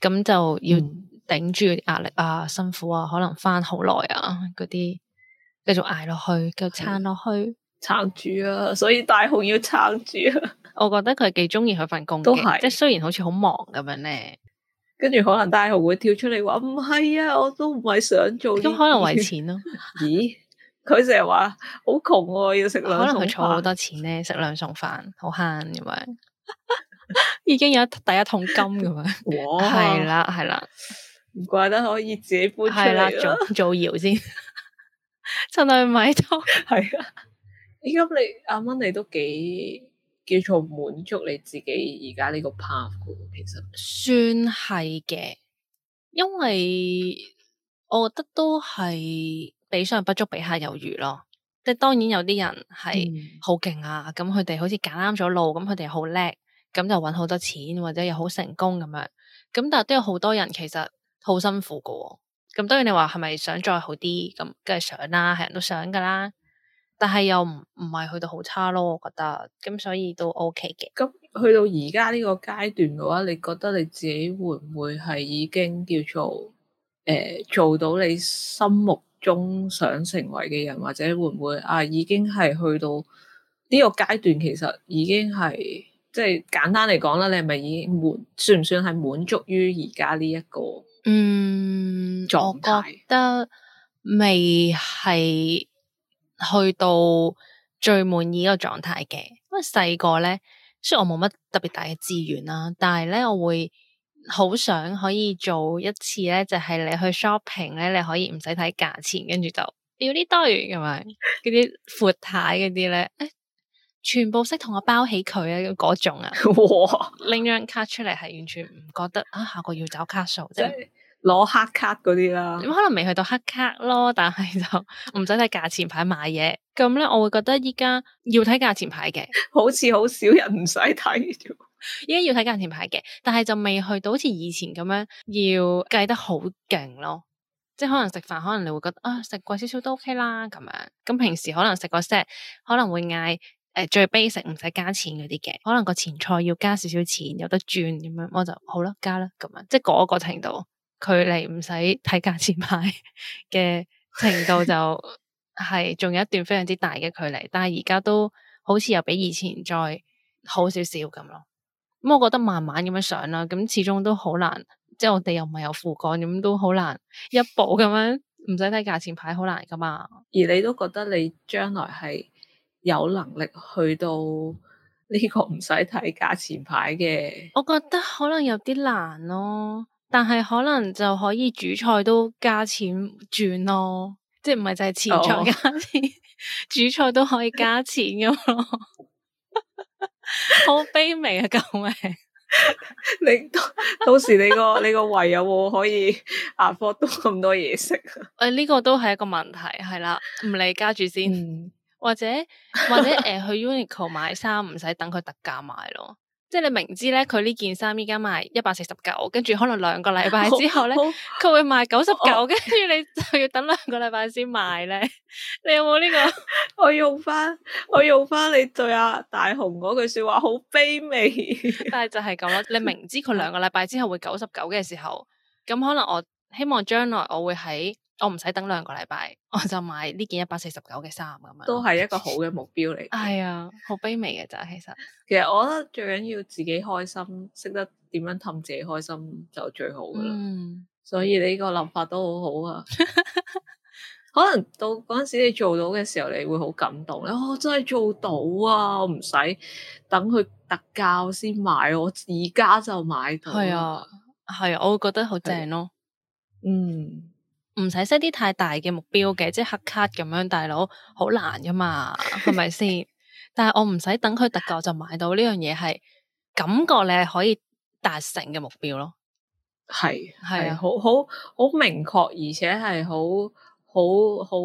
咁唉就要頂住壓力啊、辛苦啊，可能返好耐啊，嗰啲繼續捱落去，繼撐落去撐住啊，嗯、所以大雄要撐住啊。我覺得佢係幾鍾意佢份工嘅，都是即係雖然好似好忙咁樣咧。跟住可能大號會跳出嚟話唔係啊，我都唔係想做。咁可能為錢咯、啊？ 咦，佢成日話好窮，我、啊、要食兩。可能佢儲好多錢咧，食兩餸飯好慳咁樣，因為 已經有一第一桶金咁樣。 哇！係啦係啦，唔怪得可以自己搬出嚟啦。造造謠先，真係咪多？係 啊，依家你阿蚊你都幾？叫做滿足你自己而家呢個 path 嘅，其實算係嘅，因為我覺得都係比上不足，比下有餘咯。即係當然有啲人係好勁啊，咁佢哋好似揀啱咗路，咁佢哋好叻，咁就揾好多錢或者又好成功咁樣。咁但係都有好多人其實好辛苦㗎喎。咁當然你話係咪想再好啲咁，梗係想啦，係人都想噶啦。但係又唔唔係去到好差咯，我覺得咁、嗯、所以都 OK 嘅。咁去到而家呢個階段嘅話，你覺得你自己會唔會係已經叫做誒、呃、做到你心目中想成為嘅人，或者會唔會啊已經係去到呢、呢個階段？其實已經係即係簡單嚟講啦，你係咪已經滿算唔算係滿足於而家呢一個？嗯，我覺得未係。去到最滿意一個狀態嘅，因為細個咧，雖然我冇乜特別大嘅資源啦。但係咧，我會好想可以做一次咧，就係你去 shopping 咧，你可以唔使睇價錢，跟住就要啲堆，咁樣，嗰啲闊太嗰啲咧，誒，全部識同我包起佢啊，嗰種啊，哇，拎張卡出嚟係完全唔覺得啊，下個要找卡數啫。攞黑卡嗰啲啦，咁可能未去到黑卡咯，但係就唔使睇價錢牌買嘢。咁咧，我會覺得依家要睇價錢牌嘅， 好似好少人唔使睇。依家要睇價錢牌嘅，但係就未去到好似以前咁樣要計得好勁咯。即係可能食飯，可能你會覺得啊，食貴少少都 OK 啦咁樣。咁平時可能食個 set，可能會嗌，誒、呃、最 basic 唔使加錢嗰啲嘅，可能個前菜要加少少錢有得轉咁樣，我就好啦，加啦咁樣，即係嗰個程度。距離唔使睇價錢牌嘅程度、就是，就係仲有一段非常之大嘅距離。但係而家都好似又比以前再好少少咁咯。咁、嗯、我覺得慢慢咁樣上啦。咁始終都好難，即係我哋又唔係有父幹，咁都好難一步咁樣唔使睇價錢牌，好難㗎嘛。而你都覺得你將來係有能力去到呢個唔使睇價錢牌嘅？我覺得可能有啲難咯。但係可能就可以主菜都加錢轉咯，即係唔係就係前菜加錢，Oh. 主菜都可以加錢咁咯，咯。好 卑 微啊！救 命！你到時你個你個胃有冇可以捱翻多咁多嘢食啊？誒、欸、呢、這個都係一個問題，係啦，唔理加住先、嗯或，或者或者誒去 Uniqlo 買衫，唔使等佢特價買咯。即係你明知咧，佢呢件衫依家賣一百四十九，跟住可能兩個禮拜之後咧，佢 會賣九十九，跟住你就要等兩個禮拜先買咧。你有冇呢個 我？我用翻，我用翻你對阿大雄嗰句說話，好卑微。 但係就係咁咯，你明知佢兩個禮拜之後會九十九嘅時候，咁可能我希望將來我會喺。我唔使等兩個禮拜，我就買呢件一百四十九嘅衫咁樣，都係一個好嘅目標嚟。係啊、 哎，好卑微嘅咋，其實。其實我覺得最緊要自己開心，識得點樣氹自己開心就最好噶啦。嗯，所以你呢個諗法都好好啊。 可能到嗰陣時你做到嘅時候，你會好感動咧。哦，我真係做到啊！我唔使等佢特價先買，我而家就買到。係啊，係，我覺得好正咯。嗯。唔使 set 啲太大嘅目標嘅，即係黑卡咁樣，大佬好難噶嘛，係咪先？ 但係我唔使等佢特價就買到呢樣嘢，係感覺你係可以達成嘅目標咯。係係、啊、好好好明確，而且係好好好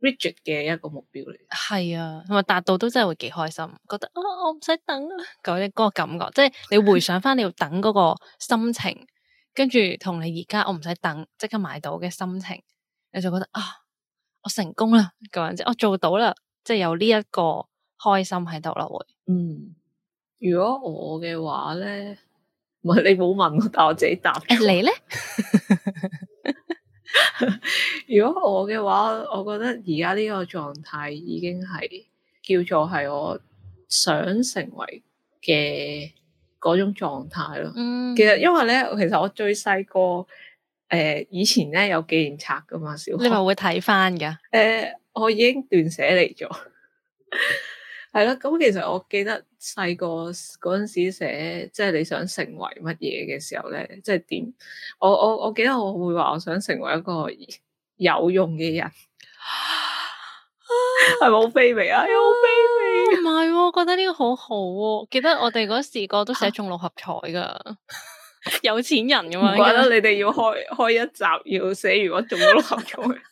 rigid 嘅一個目標嚟。係啊，同埋達到都真係會幾開心，覺得啊、哦，我唔使等啊，嗰一嗰個感覺，即係你回想翻你要等嗰個心情。 跟住同你而家，我唔使等，即刻買到嘅心情，你就覺得啊，我成功啦！咁即係我做到啦，即係有呢一個開心喺度啦，會嗯。如果我嘅話咧，唔係你冇問，但我自己答。誒、啊，你咧？ 如果我嘅話，我覺得而家呢個狀態已經係叫做係我想成為嘅。嗰種狀態咯，其實因為咧，其實我最細個，誒、呃，以前咧有紀念冊噶嘛，小學你咪會睇翻。噶誒、呃，我已經斷捨離咗，係 咯、 嗯。咁其實我記得細個嗰陣時寫，即係你想成為乜嘢嘅時候咧，即係點？我我我記得我會話我想成為一個有用嘅人，係咪好卑微啊？哎，好卑微。唔係，我、哦哦、覺得呢個好好、哦。記得我哋嗰時個都寫中六合彩噶，啊、 有錢人咁樣。覺得你哋要開 開一集，要寫如果中咗六合彩。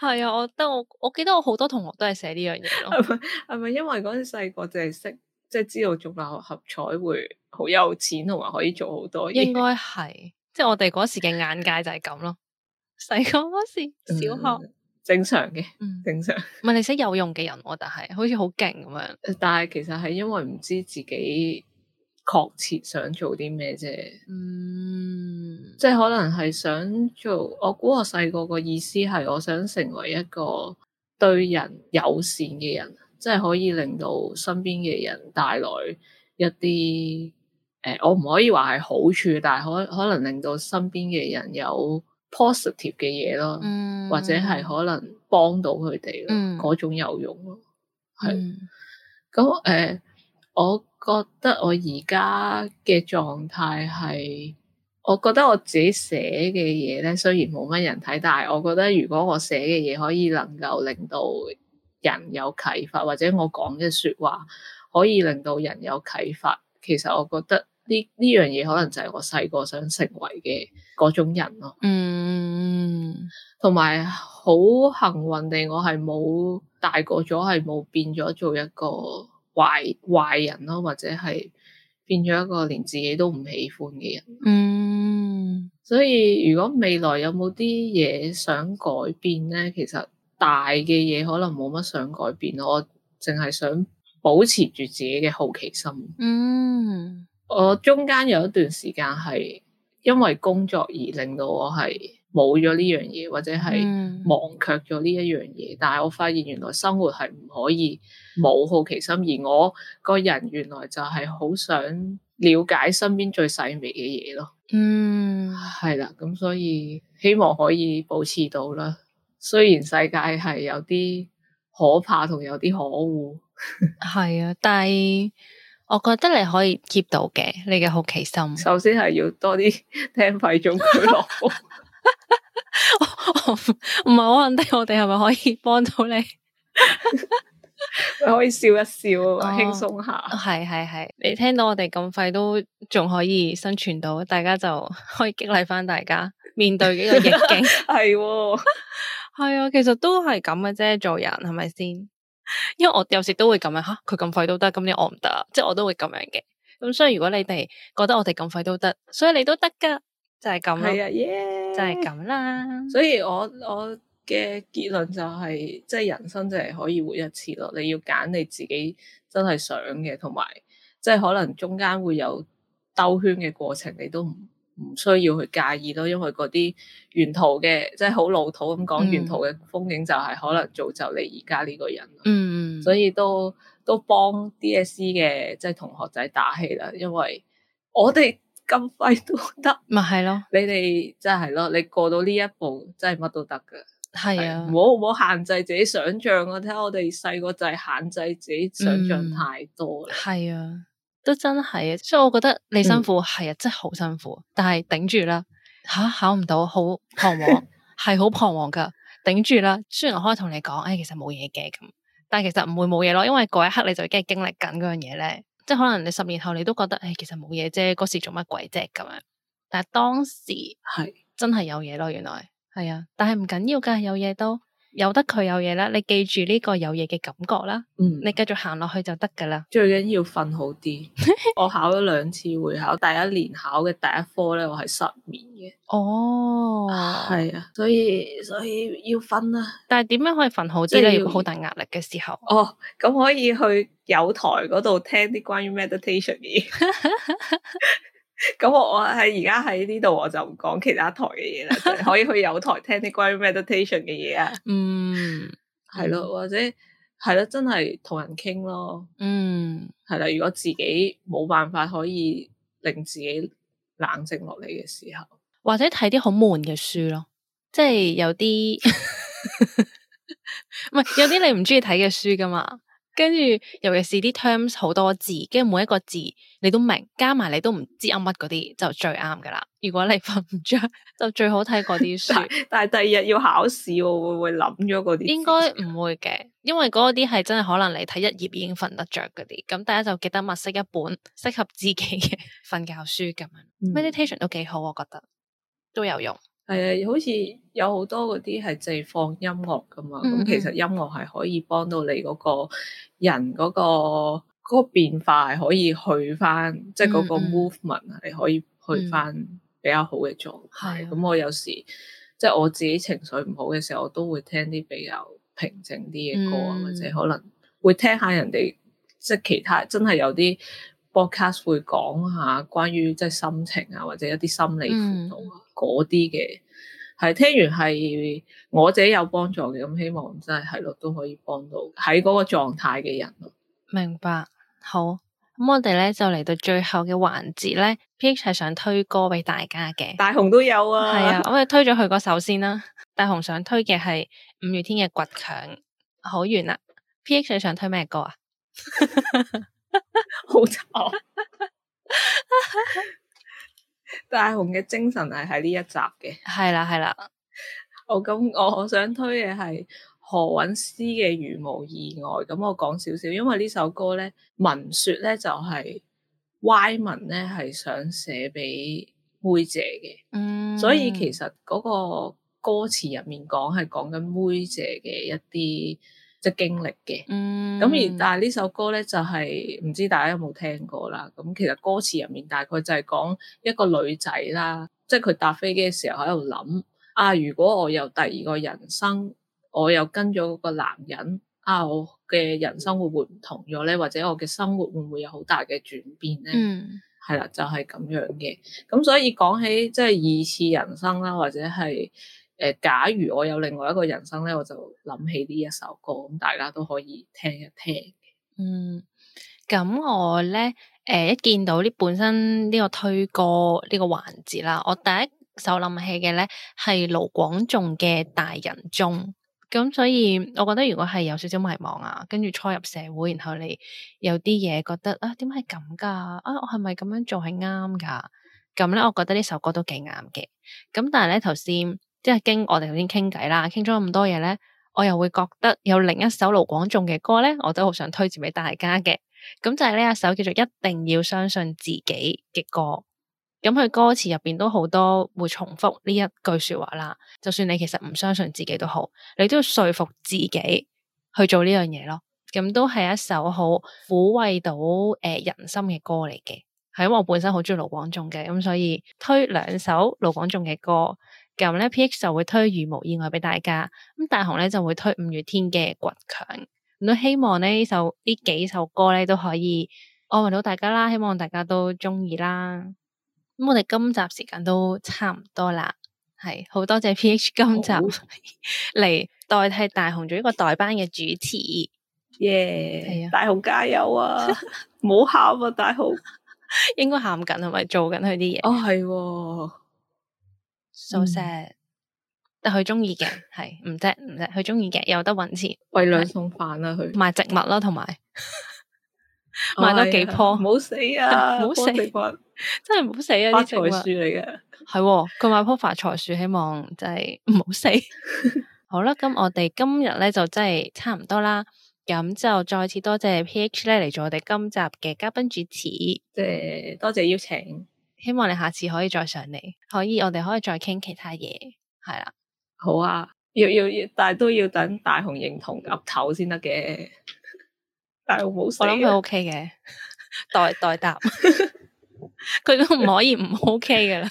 係啊，我覺得我我記得我好多同學都係寫呢樣嘢咯。係咪？係咪？因為嗰陣細個淨係識，即係知道中六合彩會好有錢，同埋可以做好多嘢。應該係，即係我哋嗰時嘅眼界就係咁咯。細個嗰時，小學。嗯正常嘅，嗯、正常。唔係你寫有用嘅人，我覺得係好似好勁咁樣。但係其實係因為唔知自己確切想做啲咩啫。嗯，即係可能係想做。我估我細個個意思係，我想成為一個對人友善嘅人，即係可以令到身邊嘅人帶來一啲誒、呃，我唔可以話係好處，但係可可能令到身邊嘅人有 positive 嘅嘢咯。嗯。或者係可能幫到佢哋咯，嗰、嗯、種有用咯，係。咁誒、嗯呃，我覺得我而家嘅狀態係，我覺得我自己寫嘅嘢咧，雖然冇乜人睇，但係我覺得如果我寫嘅嘢可以能夠令到人有啟發，或者我講嘅説話可以令到人有啟發，其實我覺得。呢呢樣嘢，可能就係我細個想成為嘅嗰種人咯。嗯，同埋好幸運地我，我係冇大個咗，係冇變咗做一個壞壞人咯，或者係變咗一個連自己都唔喜歡嘅人。嗯，所以如果未來有冇啲嘢想改變咧，其實大嘅嘢可能冇乜想改變咯，我淨係想保持住自己嘅好奇心。嗯。我中間有一段時間係因為工作而令到我係冇咗呢樣嘢，或者係忘卻咗呢一樣嘢。嗯、但係我發現原來生活係唔可以冇好奇心，嗯、而我個人原來就係好想了解身邊最細微嘅嘢咯。嗯，係啦，咁所以希望可以保持到啦。雖然世界係有啲可怕同有啲可惡，係 啊，但係。我覺得你可以 keep 到嘅， 你嘅好奇心。首先係要多啲聽 PH 佢落。唔係好肯定。我哋係咪可以幫到你？你可以笑一笑，輕鬆下。係係係，你聽到我哋咁廢都仲可以生存到，大家就可以激勵翻大家面對呢個逆境。係、 哦，係啊， 其實都係咁嘅啫，做人係咪先？因為我有時都會咁樣，吓佢咁快都得，咁你我唔得，即係我都會咁樣嘅。咁所以如果你哋覺得我哋咁快都得，所以你都得㗎，就係、是、咁，係啊，耶、yeah，就係咁啦。所以我我嘅結論就係、是，即係人生就係可以活一次咯。你要揀你自己真係想嘅，同埋即係可能中間會有兜圈嘅過程，你都唔。唔需要去介意咯，因為嗰啲沿途嘅，即係好老土咁講，嗯、沿途嘅風景就係可能造就你而家呢個人。嗯，所以都都幫 DSE 嘅即係同學仔打氣啦，因為我哋咁快都得，咪係咯？你哋真係咯，的你過到呢一步，真係乜都得噶。係啊的，唔好的限制自己想象啊！睇下我哋細個就係限制自己想象太多啦。係啊、嗯。都真係，所以我覺得你辛苦係啊、嗯，真係好辛苦。但係頂住啦，吓、啊、考唔到，好彷徨，係好彷徨噶。頂住啦，雖然我可以同你講，誒、哎，其實冇嘢嘅咁，但係其實唔會冇嘢咯，因為嗰一刻你就已經係經歷緊嗰樣嘢咧。即係可能你十年後你都覺得，誒、哎，其實冇嘢啫，嗰時做乜鬼啫咁樣。但係當時係真係有嘢咯，原來係啊，但係唔緊要噶，有嘢都。有得佢有嘢啦，你記住呢個有嘢嘅感覺啦。嗯，你繼續行落去就得噶啦。最緊要瞓好啲。 我考咗兩次會考，第一年考嘅第一科咧，我係失眠嘅。哦，係啊，所以所以要瞓啦。但係點樣可以瞓好啲咧？如果好大壓力嘅時候。哦，咁可以去友台嗰度聽啲關於 meditation 嘅嘢。 咁我我喺而家喺呢度，我就唔講其他台嘅嘢啦， 可以去有台聽啲關於 meditation 嘅嘢啊。嗯，係咯 了，或者係咯，真係同人傾咯。嗯，係啦。如果自己冇辦法可以令自己冷靜落嚟嘅時候，或者睇啲好悶嘅書咯，即係有啲唔係有啲你唔中意睇嘅書噶嘛。跟住，尤其是啲 terms 好多字，跟住每一個字你都明，加埋你都唔知啱乜嗰啲，就最啱噶啦。如果你瞓唔着，就最好睇嗰啲書。 但係第二日要考試，我會唔會諗咗嗰啲？應該唔會嘅，因為嗰啲係真係可能你睇一頁已經瞓得着嗰啲。咁大家就記得物色一本適合自己嘅瞓覺書咁樣。嗯、meditation 都幾好，我覺得都有用。係啊，好似有好多嗰啲係淨係放音樂噶嘛，咁、嗯嗯、其實音樂係可以幫到你嗰個人嗰、嗰個嗰、嗰個變化係可以去返，即係嗰個 movement 係可以去返比較好嘅狀態。咁、嗯嗯、的我有時即係、即係、我自己情緒唔好嘅時候，我都會聽啲比較平靜啲嘅歌，啊、嗯，或者可能會聽下人哋即係其他真係有啲 broadcast 會講下關於即係心情啊，或者一啲心理輔導啊。嗯嗯嗰啲嘅係聽完係我自己有幫助嘅，咁希望真係係咯都可以幫到喺嗰個狀態嘅人。明白，好，咁我哋咧就嚟到最後嘅環節咧，PH 係想推歌俾大家嘅。大雄都有啊，係啊，我哋推咗佢個首先啦。大雄想推嘅係五月天嘅《倔強》，好完啦。PH 你想推咩歌啊？好操！大雄嘅精神係喺呢一集嘅，係啦係啦。我咁， 好，我想推嘅係何韻詩嘅《如無意外》。咁我講少少，因為呢首歌咧，文說咧就係、是、歪文咧，係想寫俾妹姐嘅。嗯，所以其實嗰個歌詞入面講係講緊妹姐嘅一啲。嘅經歷嘅，咁、嗯、而但係呢首歌咧就係、是、唔知大家有冇聽過啦。咁、嗯、其實歌詞入面大概就係講一個女仔啦，即係佢搭飛機嘅時候喺度諗啊，如果我有第二個人生，我又跟咗嗰個男人啊，我嘅人生會唔會唔同咗咧？或者我嘅生活會唔會有好大嘅轉變咧？係啦、嗯，就係、是、咁樣嘅。咁、嗯、所以講起即係二次人生啦，或者係。誒，假如我有另外一個人生咧，我就諗起呢一首歌，咁大家都可以聽一聽。嗯，咁我咧，誒、呃，一見到呢本身呢個推歌呢個環節啦，我第一首諗起嘅咧係盧廣仲嘅大人中，咁所以我覺得如果係有少少迷茫啊，跟住初入社會，然後你有啲嘢覺得啊，點解係咁噶？啊，我係咪咁樣做係啱噶？咁咧，我覺得呢首歌都幾啱嘅。咁但係咧，頭先。即係經我哋頭先傾偈啦，傾咗咁多嘢咧，我又會覺得有另一首盧廣仲嘅歌咧，我都好想推薦俾大家嘅。咁就係呢一首叫做《一定要相信自己》嘅歌。咁佢歌詞入邊都好多會重複呢一句說話啦。就算你其實唔相信自己都好，你都要說服自己去做呢樣嘢咯。咁都係一首好撫慰到誒、呃、人心嘅歌嚟嘅。係因為我本身好中意盧廣仲嘅，咁所以推兩首盧廣仲嘅歌。咁咧，PH 就會推《如無意外》俾大家，咁大雄咧就會推五月天嘅《倔強》。咁都希望咧呢首呢幾首歌咧都可以安慰到大家啦，希望大家都中意啦。咁我哋今集時間都差唔多啦，係好多謝 PH 今集嚟、oh. 代替大雄做一個代班嘅主持。耶 Yeah,、啊，大雄加油啊！冇喊 啊，大雄， 應該喊緊同埋做緊佢啲嘢。哦、oh,，係。做石，但佢中意嘅係唔得，唔、嗯、得，佢中意嘅有得搵錢，為兩餸飯啦，佢賣植物啦，同埋賣多幾棵，冇、哦、死啊，冇死，死真係冇死啊！發財樹嚟嘅，係佢、啊、買棵發財樹，希望真係唔好死。 好啦，咁我哋今日咧就真係差唔多啦，咁就再次多謝 P H 咧嚟做我哋今集嘅嘉賓主持，即係多謝邀請。希望你下次可以再上嚟，可以我哋可以再傾其他嘢，係啦，好啊，要要要，但係都要等大雄認同夾頭先得嘅。大雄唔好、啊，我諗佢 OK 嘅， 代代答，佢 都唔可以唔 OK 嘅啦。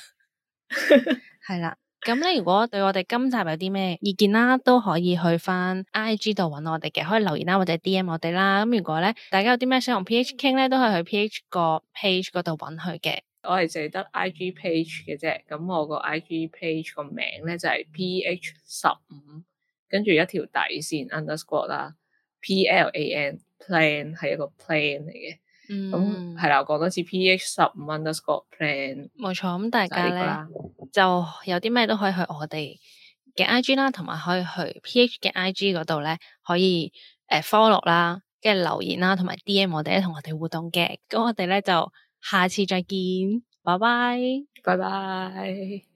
係 啦，咁咧如果對我哋今集有啲咩意見啦，都可以去翻 IG 度揾我哋嘅，可以留言啦，或者 DM 我哋啦。咁如果咧，大家有啲咩想同 PH 傾咧，都係去 PH 個 page 嗰度揾佢嘅。我係淨係得 IG page 嘅啫，咁我個 IG page 個名咧就係、是、PH 十五，跟住一條底線 underscore 啦 PL AN，PLAN PLAN 係一個 plan 嚟嘅，咁係、嗯、啦，講多次 PH 十五 underscore plan，冇錯。咁大家咧就有啲咩都可以去我哋嘅 IG 啦，同埋可以去 PH 嘅 IG 嗰度咧可以誒 follow 啦，跟住留言啦，同埋 DM 我哋咧同我哋互動嘅，咁我哋咧就。下次再見，拜拜，拜拜。